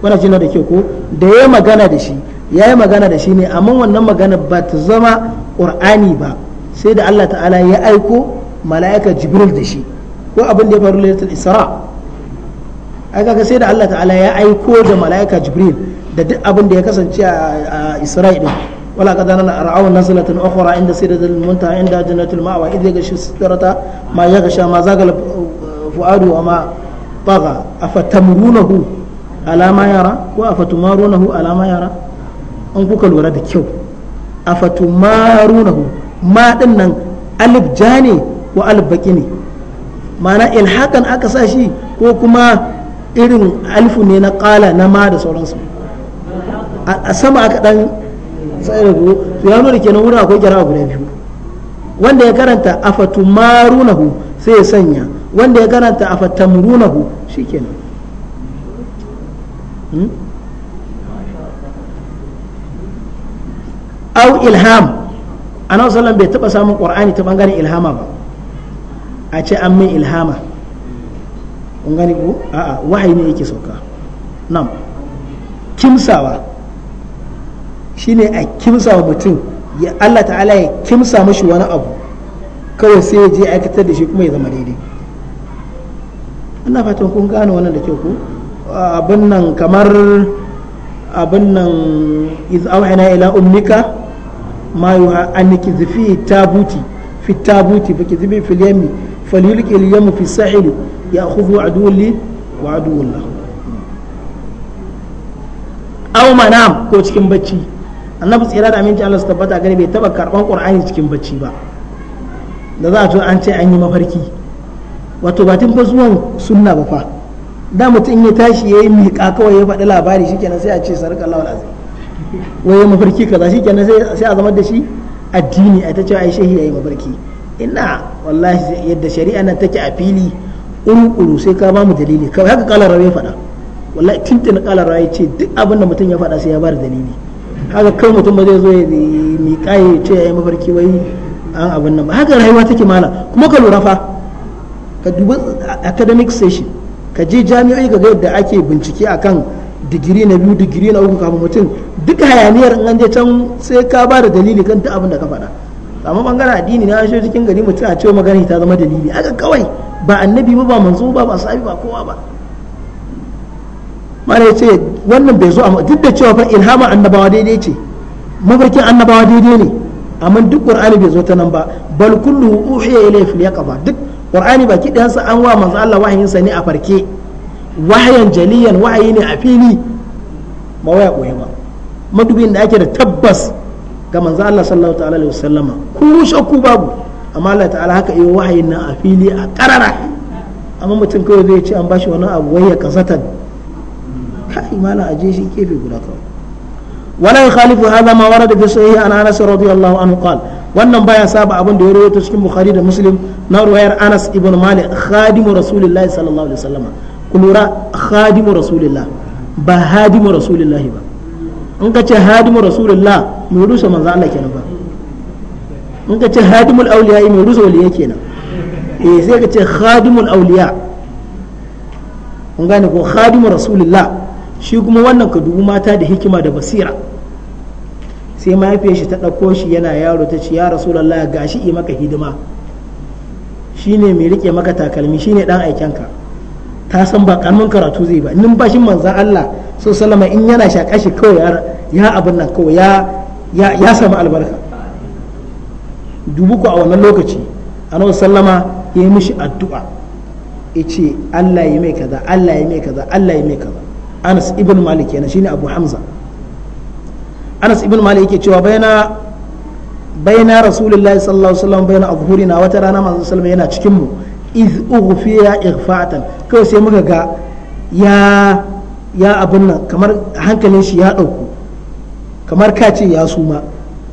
kuna jina da ke ko da ya magana da shi ya yi magana da shi ne amma wannan magana ba ta zama ƙur'ani ba sai da Allah ta'ala ya aiko mala'ika jibril da shi ko abin da ya faru lailatul isra aka sai da Allah ta'ala ya aiko da mala'ika jibril da duk abin da ya kasance a isra'i din ولقد رأوا نزلة أخرى عند سيرة المنتهى عند جنة المأوى إذ يغشى السترة ما يغشى ما زاغ الفؤاد وما طغى أفتمرونه على ما يرى وأفتمارونه على ما يرى أن كوكا الولد كيو أفتمارونه ما دنن ألف جاني وألف بكيني ma'ana ilhakan aka sa shi ko kuma irin alfu ne na kala na ma da sauransu a sama aka dan sai da ku ya nuna kenan wurin akwai kira guda biyu wanda ya karanta marunahu sai ya sanya wanda ya karanta afatamurunahu shikenan hmm? au ilham ana sallan bai taba samun qur'ani ta bangaren ilhama ba a ce an min ilhama kun gani ko a'a wahayi ne yake sauka nam kimsawa shine a kimsa wa mutum ya Allah ta'ala ya kimsa mashi wani abu kawai sai ya je aikatar da shi kuma ya zama daidai Ana fatan kun gane wannan da kyau ko abin nan kamar abin nan iz awhana ila ummika ma yuha anki zifi tabuti fi tabuti fa kizibi fil yami falyulki al yamu fi sahil ya'khudhu aduwwan li wa aduwwan lahu aw manam ko cikin bacci annabi tsira da aminci Allah su tabbata gani bai taba karban qur'ani cikin bacci ba da za a to an ce an yi mafarki wato ba tun zuwan sunna ba fa da mutum ya tashi ya yi miƙa kawai ya faɗi labari shikenan sai a ce sarƙa lawal azim wai mafarki kaza shikenan sai sai a zama da shi addini a ta cewa ai shehi yayi mafarki ina wallahi yadda shari'a nan take a fili uru sai ka ba mu dalili kawai haka kala rawa ya faɗa wallahi tuntun kala rawa ya ce duk abin da mutum ya faɗa sai ya bar dalili haka kai mutum ba zai zo ya mi kai ce ya yi mafarki wai an abin nan ba haka rayuwa take mala kuma ka lura fa ka dubi academic session ka je jami'o'i ga yadda ake bincike akan digiri na biyu digiri na uku kafin mutum duka hayaniyar an je can sai ka ba da dalili kan duk abin da ka faɗa amma bangaren addini na shi cikin gari mutum a cewa magana ta zama dalili haka kawai ba annabi ba ba manzo ba ba sabi ba kowa ba mana ya ce wannan bai zo a duk da cewa fa ilhama annabawa daidai ce mafarkin annabawa daidai ne amma duk qur'ani bai zo ta nan ba bal kullu uhiya ilayhi fil yaqaba duk ƙur'ani baki ɗayansa an wa manzo Allah wahayin sa ne a farke wahayan jaliyan wahayi ne a fili ba waya koyi ba madubin da ake da tabbas ga manzo Allah sallallahu ta'ala alaihi wasallama ku shakku babu amma Allah ta'ala haka yi wahayin nan a fili a karara amma mutum kawai zai ce an bashi wani abu wai ya kasata. kai mala aje shi kefe guda kawai wala yukhalifu wannan baya saba abin da ya rawaito cikin bukhari da muslim na ruwayar anas ibn malik khadimu rasulillahi sallallahu alaihi wasallam kulura khadimu rasulillah ba hadimu rasulillahi ba in ka ce rasulillah mai rusa manzo Allah kenan ba in ka ce hadimul auliya rusa waliya kenan eh sai ka ce khadimul ko rasulillah shi kuma wannan ka dubu mata da hikima da basira sai mahaifiyar shi ta ɗauko shi yana yaro ta ce ya rasulallah ga shi yi maka hidima shi ne mai riƙe maka takalmi shi ne ɗan aikenka ta san ba ƙaramin karatu zai ba bashin manzan Allah so salama in yana shaƙa shi kawai ya abin nan kawai ya samu albarka dubu ku a wannan lokaci annabi sallama ya yi mishi addu'a ya ce Allah ya mai kaza Allah ya mai kaza Allah ya mai kaza anas ibn malik yana shine abu hamza anas ibn malik yake cewa bayana bayana rasulullahi sallallahu alaihi wasallam bayana abhurina wata rana manzon sallallahu yana cikin mu iz ughfiya ighfatan kawai sai muka ga ya ya abin nan kamar hankalin shi ya dauku kamar ka ce ya suma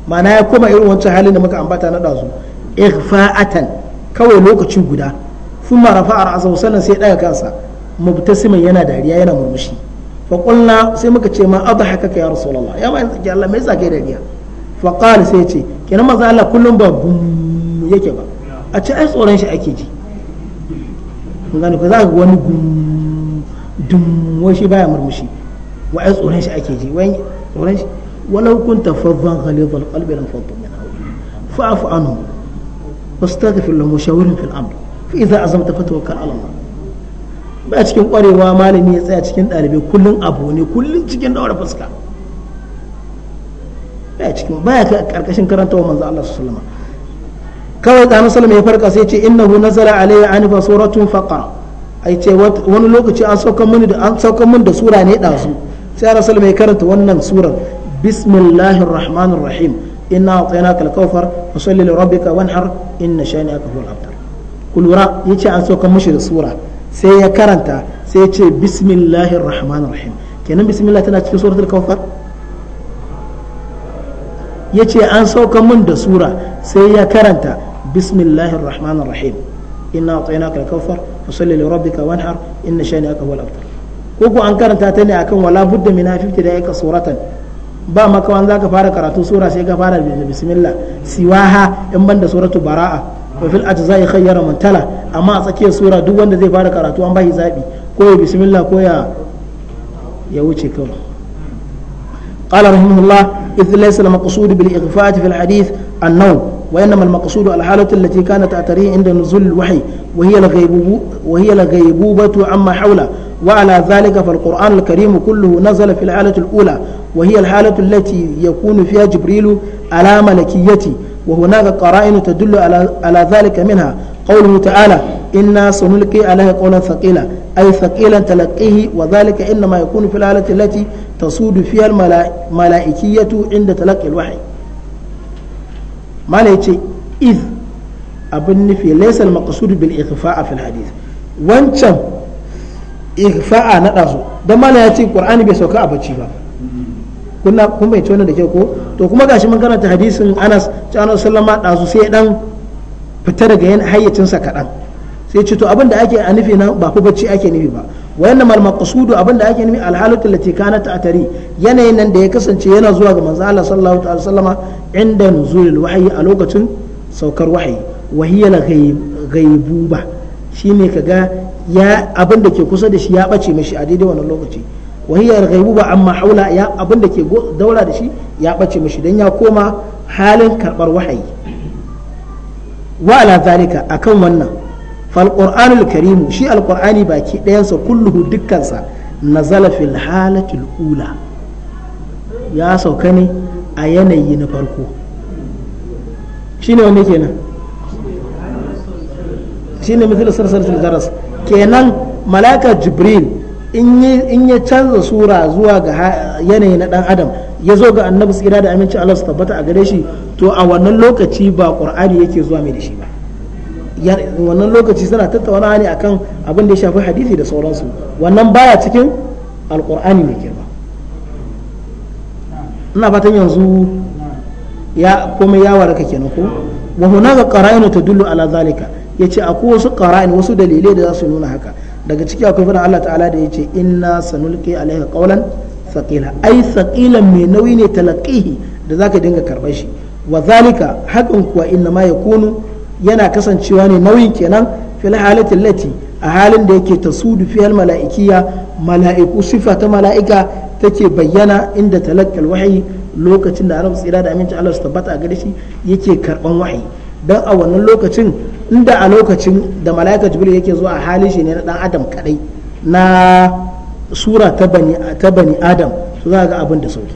ma'ana ya koma irin wancan halin da muka ambata na dazu ighfa'atan kawai lokaci guda sun marafa a ra'asa sannan sai daga kansa mubtasiman yana dariya yana murmushi faƙulna sai muka ce ma abu haka ka ya rasulallah ya ba yanzu Allah mai sake da riya faƙali sai ce kenan maza Allah kullum ba gum yake ba a ce ai tsoron shi ake ji kun gane ko za ga ai tsoron shi ake ji fa ba cikin kwarewa malami ya tsaya cikin ɗalibai kullum abu ne kullum cikin daura fuska ba cikin baya karkashin karantawa manzo Allah sallallahu alaihi kawai da Annabi sallallahu ya farka sai ya ce innahu nazala alayya anifa suratun faqa ai ce wani lokaci an sauka mini da an sauka mini da sura ne ɗazu sai Annabi sallallahu ya karanta wannan surar bismillahir rahmanir rahim inna a'tainaka al-kawthar fasalli li rabbika wanhar inna shani'aka huwal abtar kulura yace an sauka mishi da sura sai ya karanta sai ya ce bismillahir rahmanir rahim kenan bismillah tana cikin suratul kawfar ya ce an sauka mun da sura sai ya karanta bismillahir rahmanir rahim inna a'tainaka al-kawfar fasalli li rabbika wanhar inna shani'aka huwal abtar ko ko an karanta ta ne akan wala budda min hafifti da yaka suratan ba makawan zaka fara karatu sura sai ka fara da bismillah siwaha in banda suratu bara'a fa fil ajza'i khayyara man tala amma a tsakiyar sura duk wanda zai fara karatu an bashi zabi ko ya bismillah ko ya ya wuce kawai قال رحمه الله إذ ليس المقصود بالإغفاء في الحديث النوم وإنما المقصود الحالة التي كانت أتريه عند نزول الوحي وهي الغيبوبة وهي الغيبوبة عما حوله وعلى ذلك فالقرآن الكريم كله نزل في الحالة الأولى وهي الحالة التي يكون فيها جبريل على ملكيته وهناك قرائن تدل على, على ذلك منها قوله تعالى إنا سنلقي عليها قولا ثقيلا أي ثقيلا تلقيه وذلك إنما يكون في الحالة التي تصود فيها الملائكية عند تلقي الوحي ما ليتي إذ أبن في ليس المقصود بالإخفاء في الحديث وانشم إخفاء نقصه ده ما لا يأتي القرآن بيسوكا أبتشي kuna kun bai wannan da ke ko to kuma gashi mun karanta hadisin Anas ta Anas sallama da su sai dan fita daga yan hayyacin sa kadan sai ce to abin da ake a nufi nan ba fa bacci ake nufi ba wayanna mal maqsudu abin da ake nufi alhalatu allati kanat atari yanayin nan da ya kasance yana zuwa ga manzo Allah sallallahu alaihi wasallam inda nuzulil wahyi a lokacin saukar wahayi gaibu ba shine kaga ya abin da ke kusa da shi ya bace mishi a daidai wannan lokaci wa hiya al-ghaibuba amma haula ya abin da ke daura da shi ya ɓace mishi dan ya koma halin karɓar wahayi wa ala zalika akan wannan fal qur'anul shi al baki ɗayansa kulluhu dukkansa nazala fil halatil ula ya sauka ne a yanayi na farko kenan shine jibril in ya canza sura zuwa ga yanayi na dan adam ya zo ga annabi tsira da aminci Allah su tabbata a gare shi to a wannan lokaci ba qur'ani yake zuwa mai da shi ba wannan lokaci suna tattaunawa ne akan abin da ya shafi hadisi da sauransu wannan baya cikin alqur'ani mai girma ina fatan yanzu ya komai ya waraka kenan ko wa hunaka qara'inu tadullu ala zalika yace akwai wasu qara'in wasu dalilai da za su nuna haka daga ciki akwai faɗin Allah ta'ala da ya ce inna sanulqi alaiha qawlan saƙila. ai saƙilan mai nauyi ne talaqihi da zaka dinga karɓar shi wa zalika hakan kuwa inna ma yakunu yana kasancewa ne nauyin kenan fil halati lati a halin da yake tasudu fiyar mala'ikiya mala'iku sifa ta mala'ika take bayyana inda talaqqal wahyi lokacin da annabi tsira da aminci Allah su tabbata a gare shi yake karɓan wahayi dan a wannan lokacin inda a lokacin da mala'ika jibril yake zuwa a halin shi ne na dan adam kadai na sura ta bani adam su za ga abin da sauki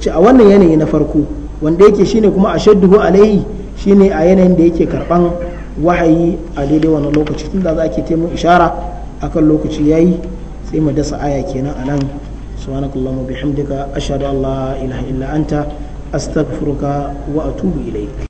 ce a wannan yanayi na farko wanda yake shine kuma shaddu alaihi shine a yanayin da yake karban wahayi a daidai wannan lokaci tunda za ke taimu ishara akan lokaci yayi sai mu dasa aya kenan anan subhanakallahumma bihamdika ashhadu an la ilaha illa anta astaghfiruka wa atubu ilayk